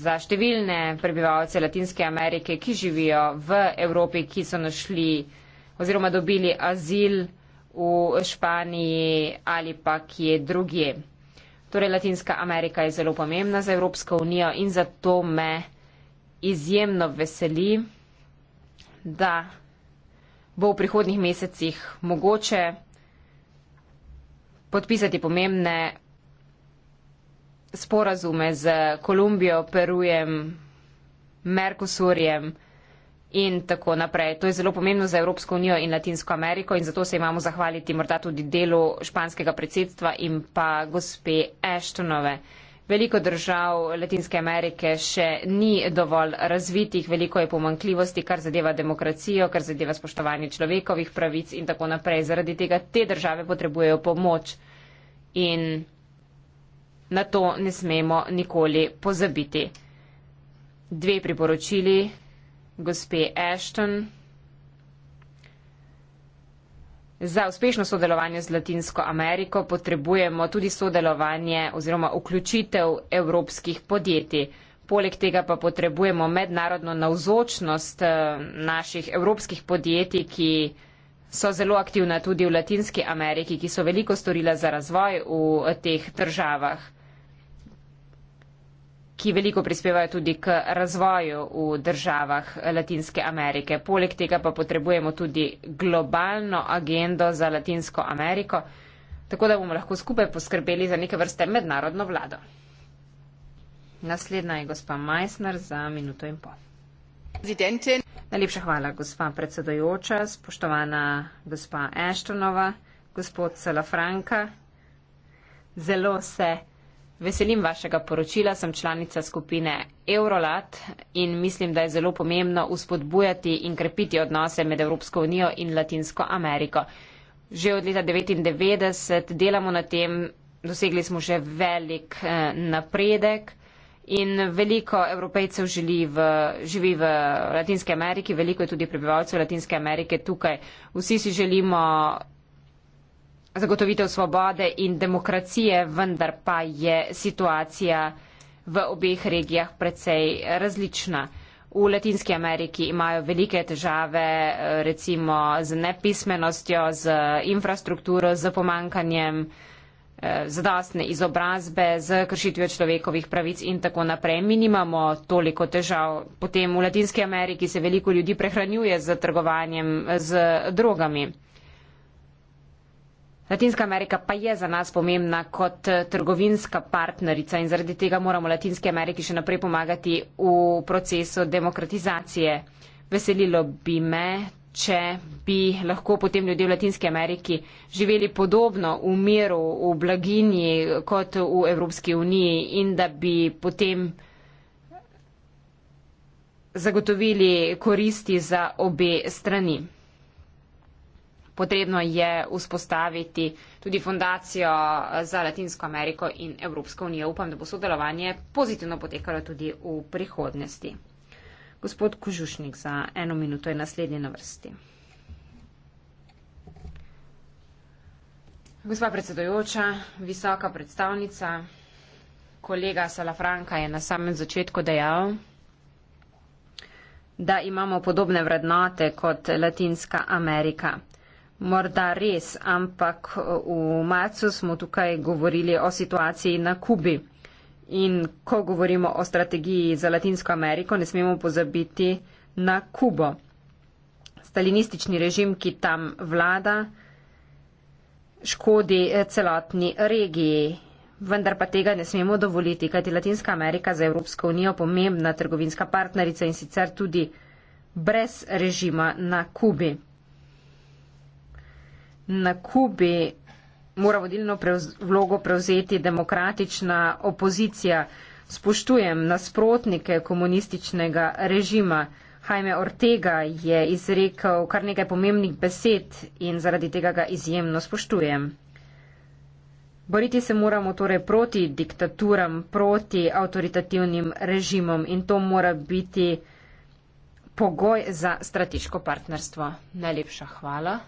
za številne prebivalce Latinske Amerike, ki živijo v Evropi, ki so našli oziroma dobili azil v Španiji ali pa kje drugje. Torej, Latinska Amerika je zelo pomembna za Evropsko unijo in zato me izjemno veseli, da bo v prihodnih mesecih mogoče podpisati pomembne sporazume z Kolumbijo, Perujem, Merkosurjem, in tako naprej. To je zelo pomembno za Evropsko unijo in Latinsko Ameriko in zato se imamo zahvaliti morda tudi delu španskega predsedstva in pa gospe Ashtonove. Veliko držav Latinske Amerike še ni dovolj razvitih, veliko je pomankljivosti, kar zadeva demokracijo, kar zadeva spoštovanje človekovih pravic in tako naprej. Zaradi tega te države potrebujejo pomoč in na to ne smemo nikoli pozabiti. Dve priporočili gospe Ashton Za uspešno sodelovanje z Latinsko Ameriko potrebujemo tudi sodelovanje oziroma vključitev evropskih podjetij. Poleg tega pa potrebujemo mednarodno navzočnost eh, naših evropskih podjetij, ki so zelo aktivna tudi v Latinski Ameriki, ki so veliko storila za razvoj v teh državah ki veliko prispevajo tudi k razvoju v državah Latinske Amerike. Poleg tega pa potrebujemo tudi globalno agendo za Latinsko Ameriko, tako da bomo lahko skupaj poskrbeli za neke vrste mednarodno vlado. Naslednja je gospa Meissner za minuto in pol. Residentin. Najlepša hvala, gospa predsedojoča, spoštovana gospa Ashtonova, gospod Salafranka. Zelo se Veselim vašega poročila, sem članica skupine Eurolat in mislim, da je zelo pomembno uspodbujati in krepiti odnose med Evropsko unijo in Latinsko Ameriko. Že od leta 1999 delamo na tem, dosegli smo že velik eh, napredek in veliko evropejcev želi v, živi v Latinske Ameriki, veliko je tudi prebivalcev Latinske Amerike tukaj. Vsi si želimo zagotovitev svobode in demokracije, vendar pa je situacija v obeh regijah precej različna. V Latinski Ameriki imajo velike težave recimo z nepismenostjo, z infrastrukturo, z pomankanjem eh, zadostne izobrazbe, z kršitvijo človekovih pravic in tako naprej. Mi nimamo toliko težav. Potem v Latinski Ameriki se veliko ljudi prehranjuje z trgovanjem z drogami. Latinska Amerika pa je za nas pomembna kot eh, trgovinska partnerica in zaradi tega moramo Latinske Ameriki še naprej pomagati v procesu demokratizacije. Veselilo bi me, če bi lahko potem ljudje v Latinske Ameriki živeli podobno v miru, v blaginji kot v Evropski uniji in da bi potem zagotovili koristi za obe strani potrebno je vzpostaviti tudi fundacijo eh, za Latinsko Ameriko in Evropsko unijo. Upam, da bo sodelovanje pozitivno potekalo tudi v prihodnosti. Gospod Kožušnik, za eno minuto je naslednji na vrsti. Gospa predsedojoča, visoka predstavnica, kolega Salafranka je na samem začetku dejal, da imamo podobne vrednote kot Latinska Amerika. Morda res, ampak v marcu smo tukaj govorili o situaciji na Kubi. In ko govorimo o strategiji za Latinsko Ameriko, ne smemo pozabiti na Kubo. Stalinistični režim, ki tam vlada, škodi eh, celotni regiji. Vendar pa tega ne smemo dovoliti, kajti Latinska Amerika za Evropsko unijo pomembna trgovinska partnerica in sicer tudi brez režima na Kubi na Kubi mora vodilno prevz, vlogo prevzeti demokratična opozicija. Spoštujem nasprotnike komunističnega režima. Jaime Ortega je izrekel kar nekaj pomembnih besed in zaradi tega ga izjemno spoštujem. Boriti se moramo torej proti diktaturam, proti avtoritativnim režimom in to mora biti pogoj za strateško partnerstvo. Najlepša hvala.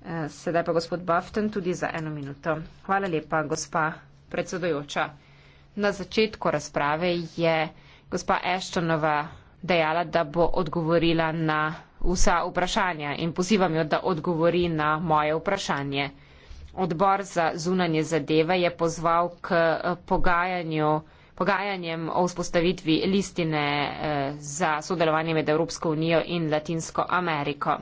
Eh, sedaj pa gospod Bafton tudi za eno minuto. Hvala lepa, gospa predsedojoča. Na začetku razprave je gospa Eštonova dejala, da bo odgovorila na vsa vprašanja in pozivam jo, da odgovori na moje vprašanje. Odbor za zunanje zadeve je pozval k eh, pogajanju pogajanjem o vzpostavitvi listine eh, za sodelovanje med Evropsko unijo in Latinsko Ameriko.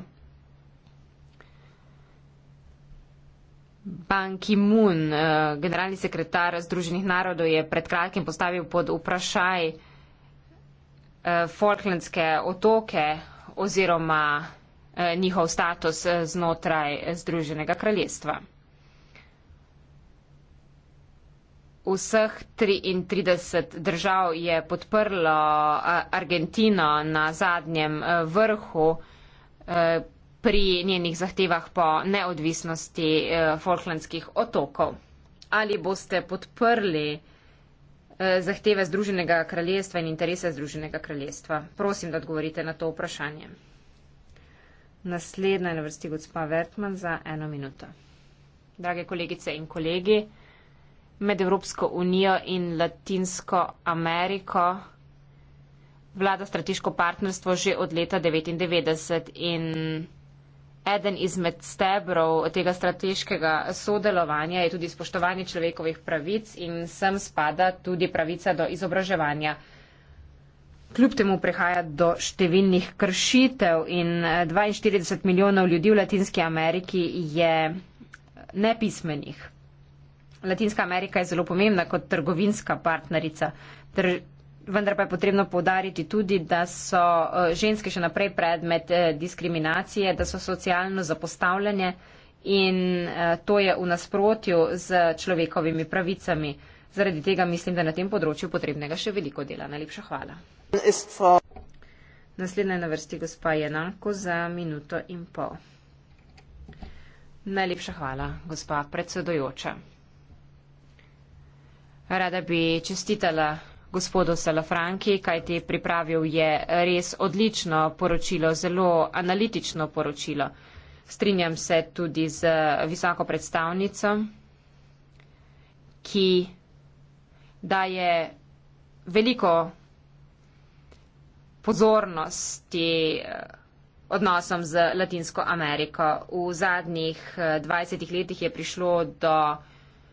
Ban Ki-moon, eh, generalni sekretar Združenih narodov, je pred kratkim postavil pod vprašaj eh, Falklandske otoke oziroma eh, njihov status znotraj Združenega kraljestva. Vseh 33 držav je podprlo Argentino na zadnjem vrhu pri njenih zahtevah po neodvisnosti eh, Falklandskih otokov. Ali boste podprli eh, zahteve Združenega kraljestva in interese Združenega kraljestva? Prosim, da odgovorite na to vprašanje. Naslednja je na vrsti gospa Vertman za eno minuto. Drage kolegice in kolegi, med Evropsko unijo in Latinsko Ameriko vlada strateško partnerstvo že od leta 1999 in eden izmed stebrov tega strateškega sodelovanja je tudi spoštovanje človekovih pravic in sem spada tudi pravica do izobraževanja. Kljub temu prihaja do številnih kršitev in 42 eh, milijonov ljudi v Latinski Ameriki je nepismenih. Latinska Amerika je zelo pomembna kot trgovinska partnerica. Tr vendar pa je potrebno povdariti tudi, da so eh, ženske še naprej predmet eh, diskriminacije, da so socialno zapostavljanje in eh, to je v nasprotju z človekovimi pravicami. Zaradi tega mislim, da je na tem področju potrebnega še veliko dela. Najlepša hvala. Naslednja je na vrsti gospa Jenako za minuto in pol. Najlepša hvala, gospa predsedojoča. Rada bi čestitala gospodu Salafranki, kajti pripravil je res odlično poročilo, zelo analitično poročilo. Strinjam se tudi z visoko predstavnico, ki daje veliko pozornosti eh, odnosom z Latinsko Ameriko. V zadnjih 20 eh, letih je prišlo do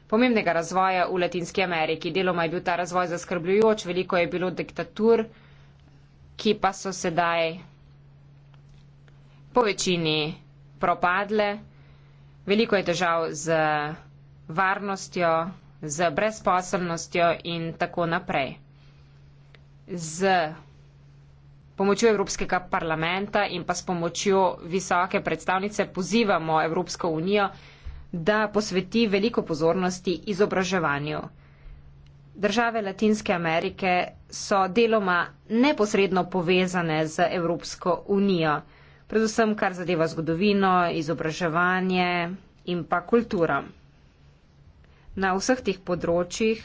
pomembnega razvoja v Latinski Ameriki. Deloma je bil ta razvoj zaskrbljujoč, veliko je bilo diktatur, ki pa so sedaj po večini propadle. Veliko je težav z varnostjo, z brezposobnostjo in tako naprej. Z pomočjo Evropskega parlamenta in pa s pomočjo visoke predstavnice pozivamo Evropsko unijo, da posveti veliko pozornosti izobraževanju. Države Latinske Amerike so deloma neposredno povezane z Evropsko unijo, predvsem kar zadeva zgodovino, izobraževanje in pa kulturo. Na vseh tih področjih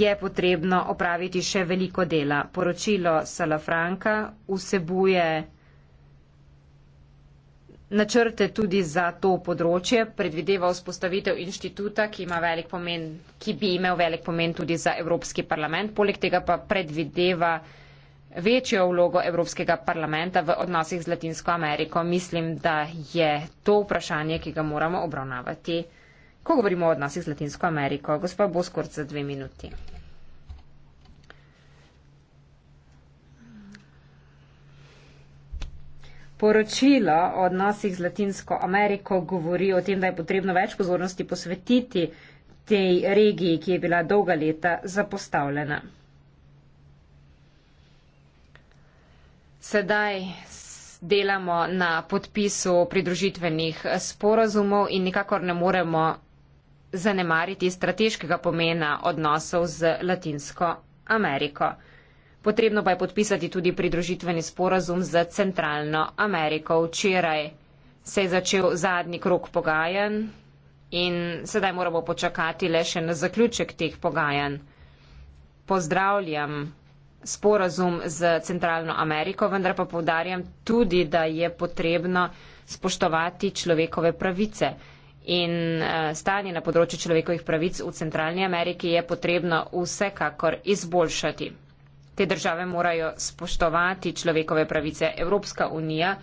je potrebno opraviti še veliko dela. Poročilo Salafranka vsebuje načrte tudi za to področje, predvideva vzpostavitev inštituta, ki, pomen, ki bi imel velik pomen tudi za Evropski parlament, poleg tega pa predvideva večjo vlogo Evropskega parlamenta v odnosih z Latinsko Ameriko. Mislim, da je to vprašanje, ki ga moramo obravnavati, ko govorimo o odnosih z Latinsko Ameriko. Gospa Boskor za dve minuti. Poročilo o odnosih z Latinsko Ameriko govori o tem, da je potrebno več pozornosti posvetiti tej regiji, ki je bila dolga leta zapostavljena. Sedaj delamo na podpisu pridružitvenih sporazumov in nikakor ne moremo zanemariti strateškega pomena odnosov z Latinsko Ameriko. Potrebno pa je podpisati tudi pridružitveni sporazum z Centralno Ameriko. Včeraj se je začel zadnji krok pogajanj in sedaj moramo počakati le še na zaključek teh pogajanj. Pozdravljam sporazum z Centralno Ameriko, vendar pa povdarjam tudi, da je potrebno spoštovati človekove pravice. In eh, stanje na področju človekovih pravic v Centralni Ameriki je potrebno vsekakor izboljšati. Te države morajo spoštovati človekove pravice. Evropska unija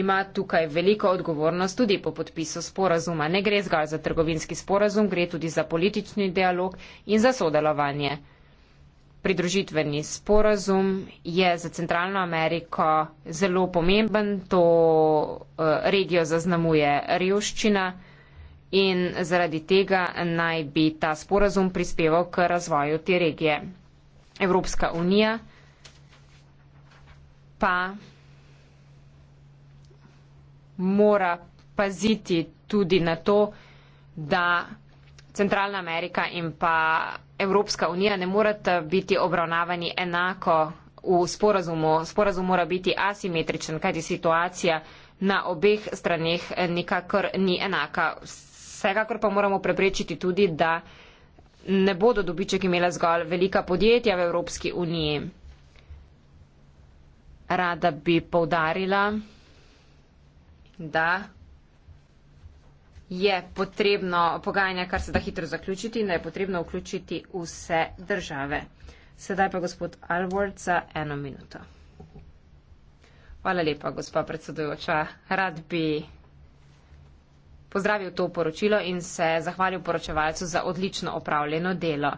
ima tukaj veliko odgovornost tudi po podpisu sporazuma. Ne gre zgolj za trgovinski sporazum, gre tudi za politični dialog in za sodelovanje. Pridružitveni sporazum je za Centralno Ameriko zelo pomemben, to eh, regijo zaznamuje revščina in zaradi tega naj bi ta sporazum prispeval k razvoju te regije. Evropska unija pa mora paziti tudi na to, da Centralna Amerika in pa Evropska unija ne morata biti obravnavani enako v sporazumu. Sporazum mora biti asimetričen, kajti situacija na obeh straneh nikakor ni enaka. Vsekakor pa moramo preprečiti tudi, da ne bodo dobiček imela zgolj velika podjetja v Evropski uniji. Rada bi povdarila, da je potrebno pogajanja, kar se da hitro zaključiti, da je potrebno vključiti vse države. Sedaj pa gospod Alward za eno minuto. Hvala lepa, gospa predsedujoča. Rad bi pozdravil to poročilo in se zahvalil poročevalcu za odlično opravljeno delo.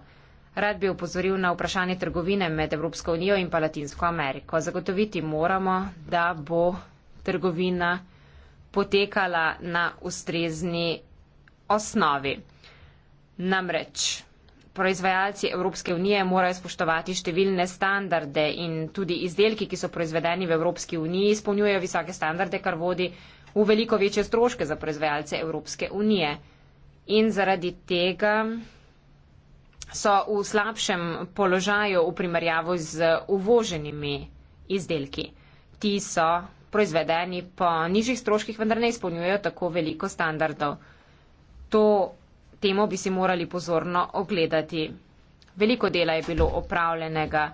Rad bi upozoril na vprašanje trgovine med Evropsko unijo in pa Latinsko Ameriko. Zagotoviti moramo, da bo trgovina potekala na ustrezni osnovi. Namreč proizvajalci Evropske unije morajo spoštovati številne standarde in tudi izdelki, ki so proizvedeni v Evropski uniji, izpolnjujejo visoke standarde, kar vodi v veliko večje stroške za proizvajalce Evropske unije. In zaradi tega so v slabšem položaju v primerjavu z uvoženimi izdelki. Ti so proizvedeni po nižjih stroških, vendar ne izpolnjujejo tako veliko standardov. To temo bi si morali pozorno ogledati. Veliko dela je bilo opravljenega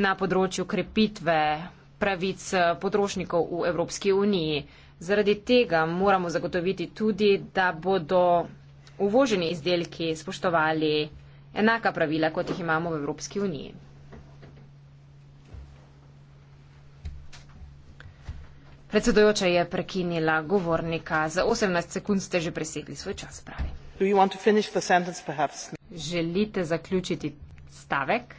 na področju krepitve pravic potrošnikov v Evropski uniji. Zaradi tega moramo zagotoviti tudi, da bodo uvoženi izdelki spoštovali enaka pravila, kot jih imamo v Evropski uniji. Predsedojoča je prekinila govornika. Za 18 sekund ste že presegli svoj čas, pravi. Želite zaključiti stavek?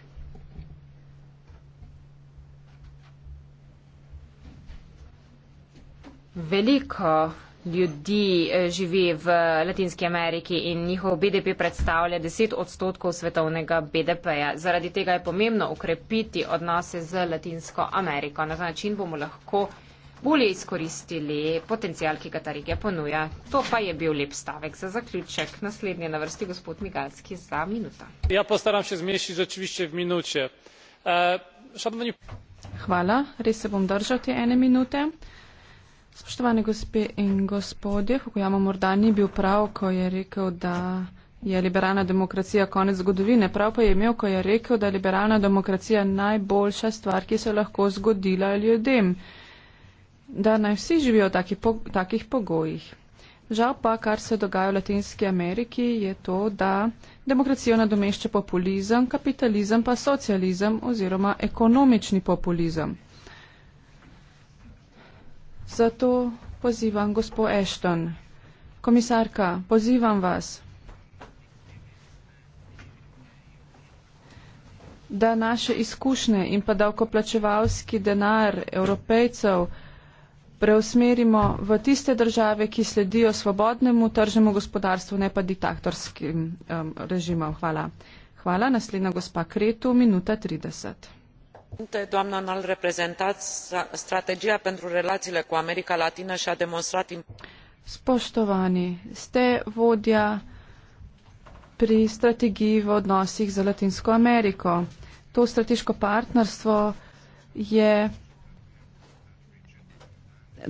Veliko ljudi eh, živi v Latinski Ameriki in njihov BDP predstavlja 10 odstotkov svetovnega BDP-ja. Zaradi tega je pomembno ukrepiti odnose z Latinsko Ameriko. Na ta način bomo lahko bolje izkoristili potencial, ki ga ta regija ponuja. To pa je bil lep stavek za zaključek. Naslednje na vrsti gospod Migalski za minuto. Ja, postaram se zmešiti začvišče v minuče. Uh, eh, šadmanju... Hvala, res se bom držal te ene minute. Spoštovane gospe in gospodje, Fukuyama morda ni bil prav, ko je rekel, da je liberalna demokracija konec zgodovine. Prav pa je imel, ko je rekel, da je liberalna demokracija najboljša stvar, ki se lahko zgodila ljudem. Da naj vsi živijo v taki po, takih pogojih. Žal pa, kar se dogaja v Latinski Ameriki, je to, da demokracijo nadomešča populizem, kapitalizem pa socializem oziroma ekonomični populizem. Zato pozivam gospod Ashton. Komisarka, pozivam vas. da naše izkušnje in pa davkoplačevalski denar evropejcev preusmerimo v tiste države, ki sledijo svobodnemu tržnemu gospodarstvu, ne pa diktatorskim um, režimom. Hvala. Hvala. Naslednja gospa Kretu, minuta 30 strategia pentru relaiile cu america latină i a demonstrat Spoštovani, ste vodja pri strategiji v odnosih z Latinsko Ameriko. To strateško partnerstvo je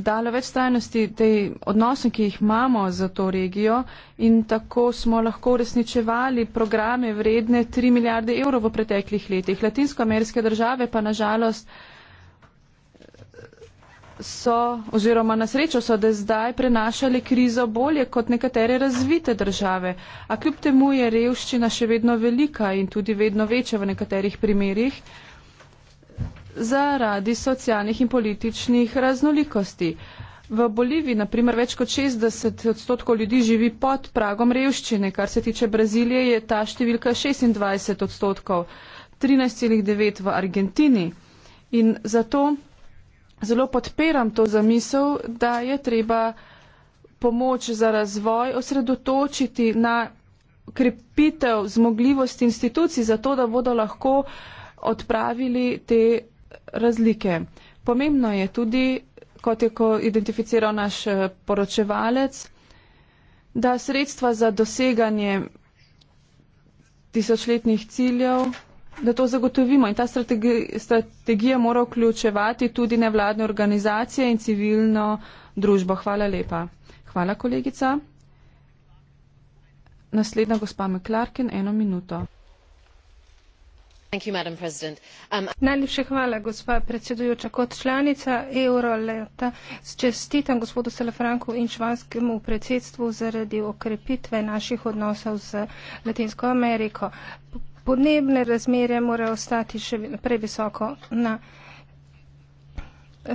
dalo več trajnosti tej odnosom, ki jih imamo za to regijo in tako smo lahko uresničevali programe vredne 3 milijarde evrov v preteklih letih. Latinskoameriške države pa nažalost so oziroma na srečo so, da zdaj prenašali krizo bolje kot nekatere razvite države. A kljub temu je revščina še vedno velika in tudi vedno večja v nekaterih primerjih zaradi socialnih in političnih raznolikosti. V Boliviji, na primer, več kot 60 odstotkov ljudi živi pod pragom revščine, kar se tiče Brazilije, je ta številka 26 odstotkov, 13,9 v Argentini. In zato zelo podpiram to zamisel, da je treba pomoč za razvoj osredotočiti na krepitev zmogljivosti institucij, zato da bodo lahko odpravili te razlike. Pomembno je tudi, kot je ko identificiral naš eh, poročevalec, da sredstva za doseganje tisočletnih ciljev, da to zagotovimo. In ta strategi strategija mora vključevati tudi nevladne organizacije in civilno družbo. Hvala lepa. Hvala, kolegica. Naslednja gospa McClarkin, eno minuto. Um, najlepša hvala gospa predsedujoča kot članica euroleta čestitam gospodu salafranku in švanskemu predsedstvu zaradi okrepitve naših odnosov z latinsko ameriko podnebne razmere morajo ostati še naprej visoko na eh,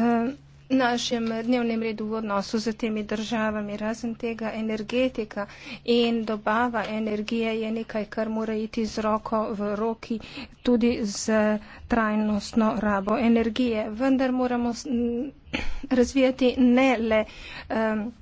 našem dnevnem redu v odnosu z temi državami. Razen tega energetika in dobava energije je nekaj, kar mora iti z roko v roki tudi z trajnostno rabo energije. Vendar moramo razvijati ne le um,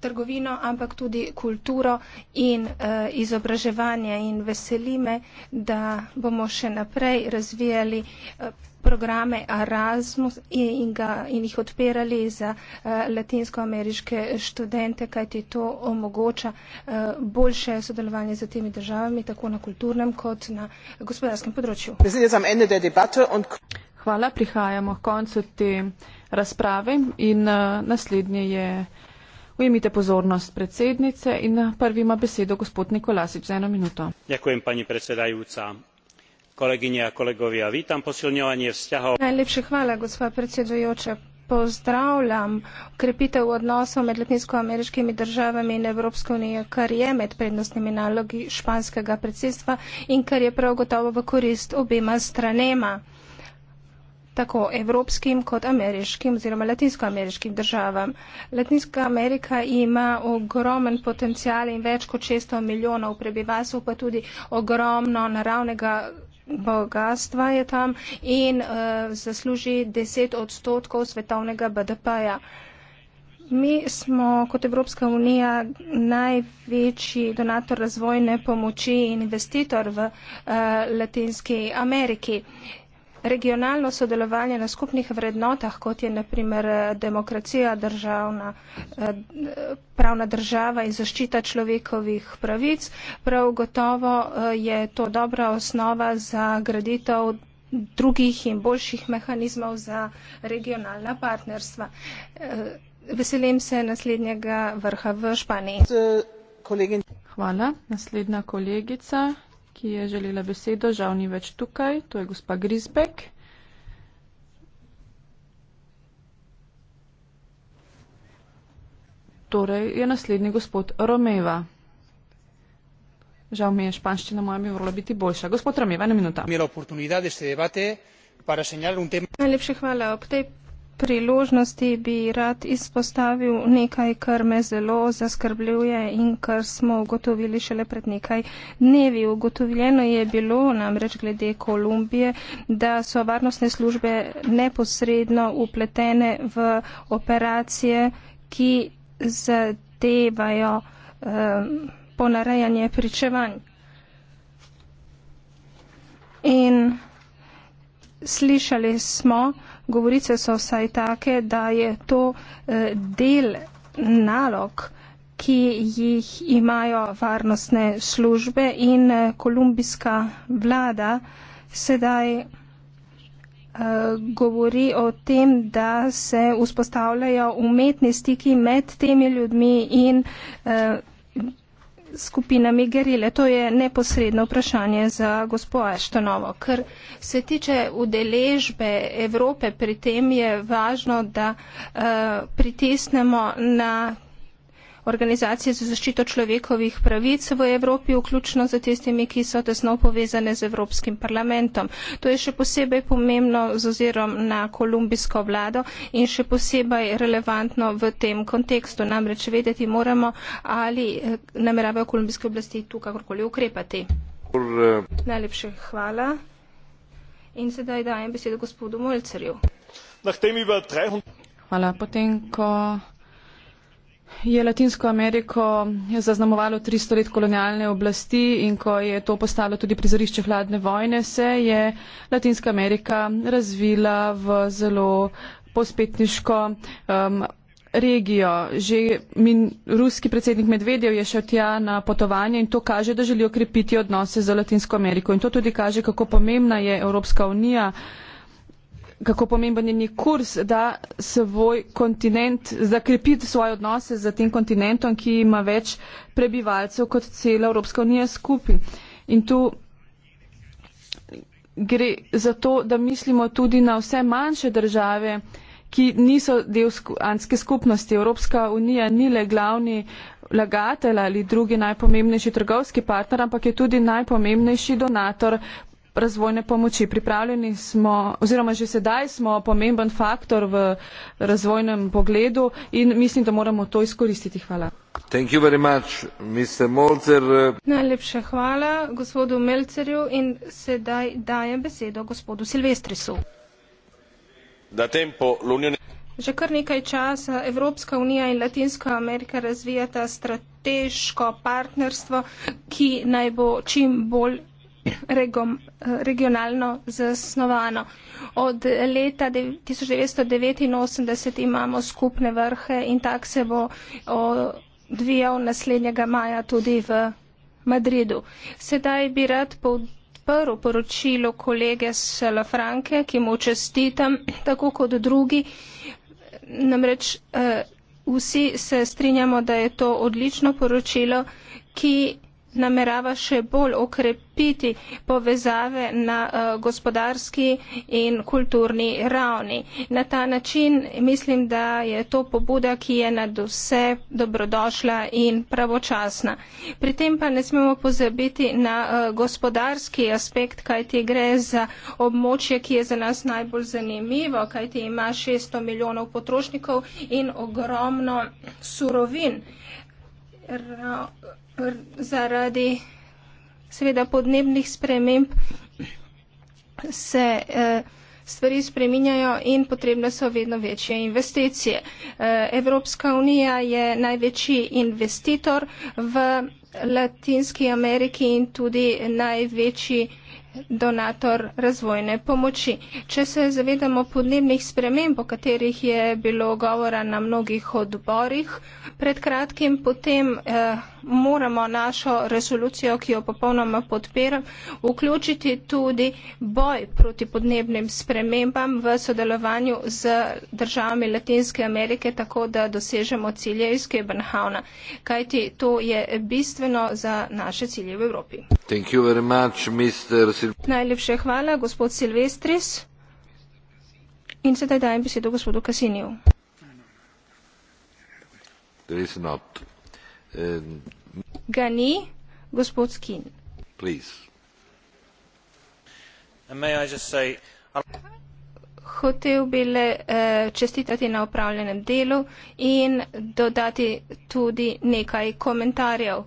trgovino, ampak tudi kulturo in uh, izobraževanje in veselime, da bomo še naprej razvijali. Uh, programe Erasmus in, ga, in jih odpirali za eh, latinskoameriške študente, kajti to omogoča eh, boljše sodelovanje z temi državami, tako na kulturnem kot na gospodarskem področju. Hvala, prihajamo k koncu te razprave in eh, naslednje je. Ujemite pozornost predsednice in prvi ima besedo gospod Nikolasič za eno minuto. Jakujem, pani predsedajuca najlepša hvala gospa predsedujoča pozdravljam krepitev odnosov med latinskoameriškimi državami in evropsko unijo kar je med prednostnimi nalogami španskega predsedstva in kar je prav gotovo v korist obema stranema tako evropskim kot ameriškim oziroma latinskoameriškim državam. latinska amerika ima ogromen potencial in več kot šeststo milijonov prebivalstva pa tudi ogromno naravnega bogatstva je tam in uh, zasluži 10 odstotkov svetovnega BDP-ja. Mi smo kot Evropska unija največji donator razvojne pomoči in investitor v uh, Latinski Ameriki. Uh, regionalno sodelovanje na skupnih vrednotah, kot je naprimer eh, demokracija državna, eh, pravna država in zaščita človekovih pravic, prav gotovo eh, je to dobra osnova za graditev drugih in boljših mehanizmov za regionalna partnerstva. Veselim se naslednjega vrha v Španiji. Hvala. Naslednja kolegica, ki je želela besedo, žal ni več tukaj, to je gospa Grisbek. Torej je naslednji gospod Romeva. Žal mi je španščina moja bi morala biti boljša. Gospod Romeva, ena minuta. Najlepša hvala. Ob tej priložnosti bi rad izpostavil nekaj, kar me zelo zaskrbljuje in kar smo ugotovili šele pred nekaj dnevi. Ugotovljeno je bilo namreč glede Kolumbije, da so varnostne službe neposredno upletene v operacije, ki zadevajo um, ponarejanje pričevanj. In slišali smo, govorice so vsaj take, da je to eh, del nalog, ki jih imajo varnostne službe in eh, kolumbijska vlada sedaj eh, govori o tem, da se vzpostavljajo umetni stiki med temi ljudmi in skupinami gerile. To je neposredno vprašanje za gospo Aštonovo. Ker se tiče udeležbe Evrope, pri tem je važno, da uh, pritisnemo na organizacije za zaščito človekovih pravic v Evropi, vključno za tistimi, ki so tesno povezane z Evropskim parlamentom. To je še posebej pomembno z ozirom na kolumbijsko vlado in še posebej relevantno v tem kontekstu. Namreč vedeti moramo, ali eh, nameravajo kolumbijske oblasti tu kakorkoli ukrepati. Najlepše hvala. In sedaj dajem besedo gospodu Molcerju. Hvala. Potem, ko je Latinsko Ameriko zaznamovalo 300 let kolonialne oblasti in ko je to postalo tudi prizorišče hladne vojne, se je Latinska Amerika razvila v zelo pospetniško um, regijo. Že min, ruski predsednik Medvedev je šel tja na potovanje in to kaže, da želijo krepiti odnose z Latinsko Ameriko. In to tudi kaže, kako pomembna je Evropska unija uh, kako pomemben je njen kurs, da svoj kontinent, zakrepiti svoje odnose z tem kontinentom, ki ima več prebivalcev kot cela Evropska unija skupaj. In tu gre za to, da mislimo tudi na vse manjše države, ki niso del anske skupnosti. Evropska unija ni le glavni lagatelj ali drugi najpomembnejši trgovski partner, ampak je tudi najpomembnejši donator razvojne pomoči. Pripravljeni smo, oziroma že sedaj smo pomemben faktor v razvojnem pogledu in mislim, da moramo to izkoristiti. Hvala. Much, Najlepša hvala gospodu Melcerju in sedaj dajem besedo gospodu Silvestrisu. Že kar nekaj časa Evropska unija in Latinska Amerika razvijata strateško partnerstvo, ki naj bo čim bolj regom, regionalno zasnovano. Od leta 1989 imamo skupne vrhe in tak se bo odvijal naslednjega maja tudi v Madridu. Sedaj bi rad podprl poročilo kolege Salafranke, ki mu čestitam, tako kot drugi. Namreč eh, vsi se strinjamo, da je to odlično poročilo, ki namerava še bolj okrepiti povezave na uh, gospodarski in kulturni ravni. Na ta način mislim, da je to pobuda, ki je nad vse dobrodošla in pravočasna. Pri tem pa ne smemo pozabiti na uh, gospodarski aspekt, kajti gre za območje, ki je za nas najbolj zanimivo, kajti ima 600 milijonov potrošnikov in ogromno surovin. Uh, ra, r, zaradi seveda podnebnih sprememb se eh, stvari spreminjajo in potrebne so vedno večje investicije. Eh, Evropska unija je največji investitor v Latinski Ameriki in tudi največji investitor donator razvojne pomoči. Če se zavedamo podnebnih sprememb, o katerih je bilo govora na mnogih odborih pred kratkim, potem eh, moramo našo resolucijo, ki jo popolnoma podpiram, vključiti tudi boj proti podnebnim spremembam v sodelovanju z državami Latinske Amerike, tako da dosežemo cilje iz Kebenhavna. Kajti to je bistveno za naše cilje v Evropi. Much, Najlepše hvala, gospod Silvestris. In sedaj dajem besedo gospodu Kasinju. There is not. Um, Ga ni, gospod Skin. Hotel bi le eh, čestitati na upravljenem delu in dodati tudi nekaj komentarjev.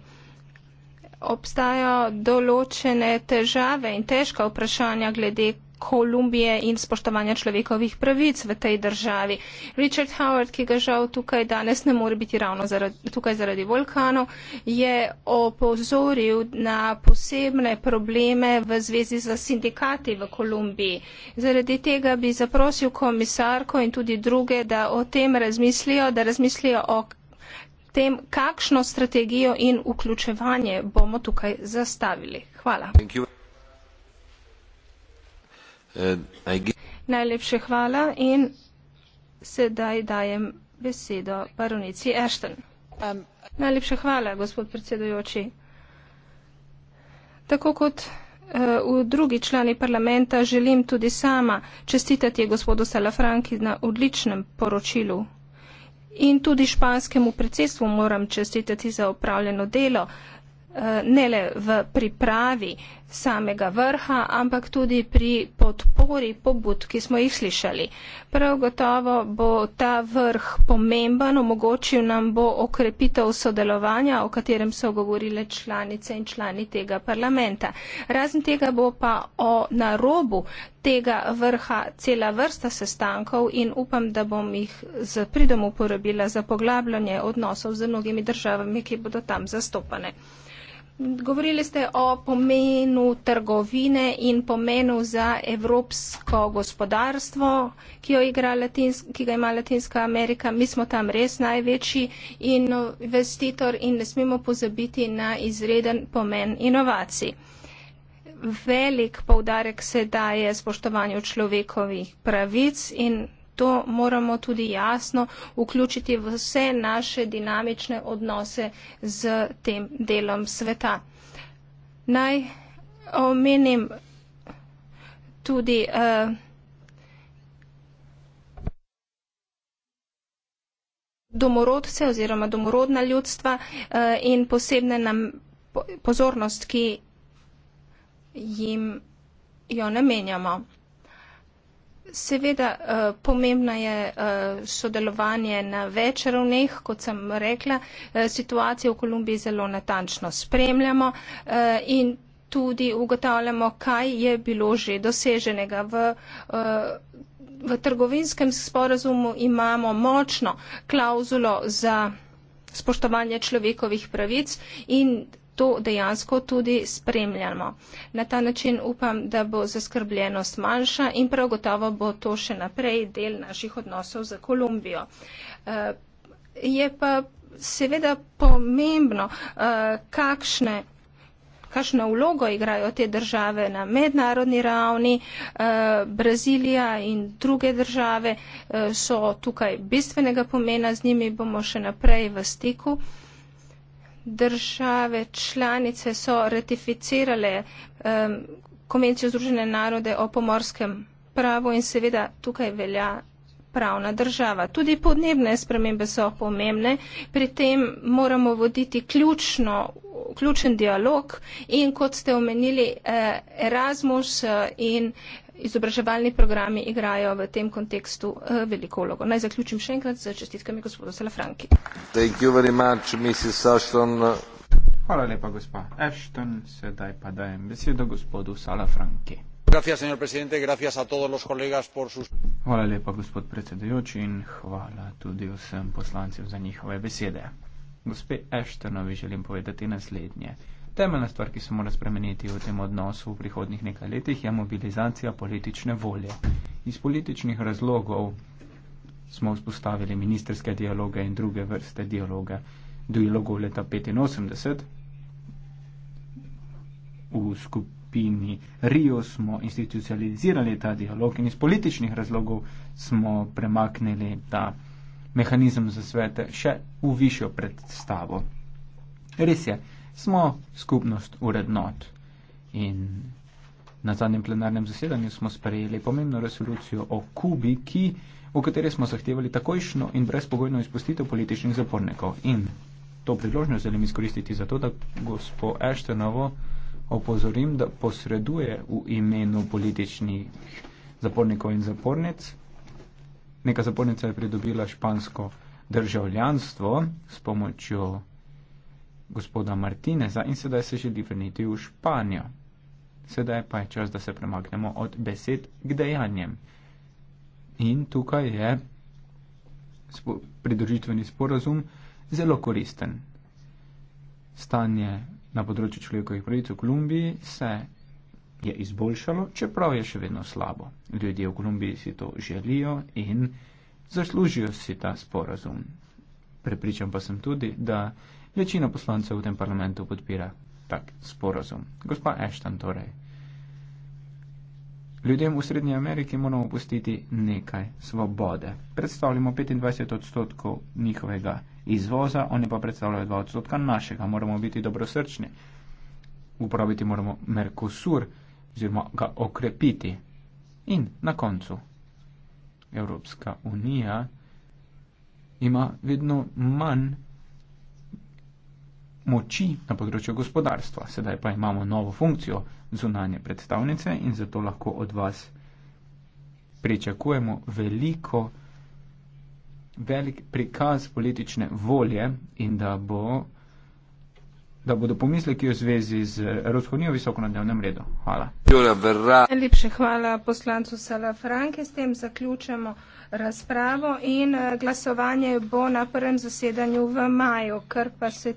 Obstajajo določene težave in težka vprašanja glede Kolumbije in spoštovanja človekovih pravic v tej državi. Richard Howard, ki ga žal tukaj danes ne more biti ravno zaradi, tukaj zaradi vulkanov, je opozoril na posebne probleme v zvezi z sindikati v Kolumbiji. Zaradi tega bi zaprosil komisarko in tudi druge, da o tem razmislijo, da razmislijo o tem, kakšno strategijo in vključevanje bomo tukaj zastavili. Hvala. Thank you. Uh, Najlepše hvala in sedaj dajem besedo baronici Ashton. Um, Najlepše hvala, gospod predsedujoči. Tako kot uh, v drugi člani parlamenta želim tudi sama čestitati gospodu Salafranki na odličnem poročilu. In tudi španskemu predsedstvu moram čestitati za upravljeno delo. Eh, ne le v pripravi samega vrha, ampak tudi pri podpori pobud, ki smo jih slišali. Prav gotovo bo ta vrh pomemben, omogočil nam bo okrepitev sodelovanja, o katerem so govorile članice in člani tega parlamenta. Razen tega bo pa o narobu tega vrha cela vrsta sestankov in upam, da bom jih z pridom uporabila za poglabljanje odnosov z mnogimi državami, ki bodo tam zastopane. Govorili ste o pomenu trgovine in pomenu za evropsko gospodarstvo, ki, jo igra Latins, ki ga ima Latinska Amerika. Mi smo tam res največji investitor in ne smemo pozabiti na izreden pomen inovacij. Velik poudarek se daje spoštovanju človekovih pravic in to moramo tudi jasno vključiti v vse naše dinamične odnose z tem delom sveta. Naj omenim tudi eh, domorodce oziroma domorodna ljudstva eh, in posebne nam pozornost, ki jim jo namenjamo. Seveda, eh, pomembno je eh, sodelovanje na več ravneh, kot sem rekla. Eh, situacijo v Kolumbiji zelo natančno spremljamo in tudi ugotavljamo, kaj je bilo že doseženega v. V trgovinskem sporazumu imamo močno klauzulo za spoštovanje človekovih pravic in to dejansko tudi spremljamo. Na ta način upam, da bo zaskrbljenost manjša in prav gotovo bo to še naprej del naših odnosov za Kolumbijo. Eh, je pa seveda pomembno, eh, kakšne kakšno vlogo igrajo te države na mednarodni ravni. Eh, Brazilija in druge države so tukaj bistvenega pomena, z njimi bomo še naprej v stiku države članice so ratificirale um, konvencijo Združene narode o pomorskem pravu in seveda tukaj velja pravna država. Tudi podnebne spremembe so pomembne, pri tem moramo voditi ključno, ključen dialog in kot ste omenili, eh, Erasmus eh, in izobraževalni programi igrajo v tem kontekstu uh, veliko vlogo. Naj zaključim še enkrat z čestitkami gospodu Salafranki. Much, Hvala lepa, gospa Ashton. Sedaj pa dajem besedo gospodu Salafranki. Gracias, señor presidente. Gracias a todos los colegas por sus. Hvala lepa, gospod predsedujoči, in hvala tudi vsem poslancem za njihove besede. Gospe Eštonovi želim povedati naslednje. Temeljna stvar, ki se mora spremeniti v tem odnosu v prihodnih nekaj letih, je mobilizacija politične volje. Iz političnih razlogov smo vzpostavili ministerske dialoge in druge vrste dialoge. Dialogo v leta 85 v skupini Rio smo institucionalizirali ta dialog in iz političnih razlogov smo premaknili ta mehanizem za svete še v višjo predstavo. Res je smo skupnost urednot. In na zadnjem plenarnem zasedanju smo sprejeli pomembno resolucijo o Kubi, ki, v kateri smo zahtevali takojšno in brezpogojno izpustitev političnih zapornikov. In to priložnost želim izkoristiti za to, da gospod Eštenovo opozorim, da posreduje v imenu političnih zapornikov in zapornic. Neka zapornica je pridobila špansko državljanstvo s pomočjo gospoda Martineza in sedaj se želi vrniti v Španijo. Sedaj pa je čas, da se premaknemo od besed k dejanjem. In tukaj je spo pridružitveni sporazum zelo koristen. Stanje na področju človekovih pravic v Kolumbiji se je izboljšalo, čeprav je še vedno slabo. Ljudje v Kolumbiji si to želijo in zaslužijo si ta sporazum. Prepričan pa sem tudi, da Večina poslancev v tem parlamentu podpira tak sporozum. Gospa Ashton torej. Ljudem v Srednji Ameriki moramo opustiti nekaj svobode. Predstavljamo 25 odstotkov njihovega izvoza, oni pa predstavljajo 2 odstotka našega. Moramo biti dobrosrčni. Uporabiti moramo Merkosur, oziroma ga okrepiti. In na koncu Evropska unija ima vedno manj moči na področju gospodarstva. Sedaj pa imamo novo funkcijo zunanje predstavnice in zato lahko od vas pričakujemo veliko, velik prikaz politične volje in da, bo, da bodo pomisleki v zvezi z Evropsko unijo visoko na dnevnem redu. Hvala. Najlepše hvala poslancu Sala Franke. S tem zaključujemo razpravo in eh, glasovanje bo na prvem zasedanju v maju, kar pa se.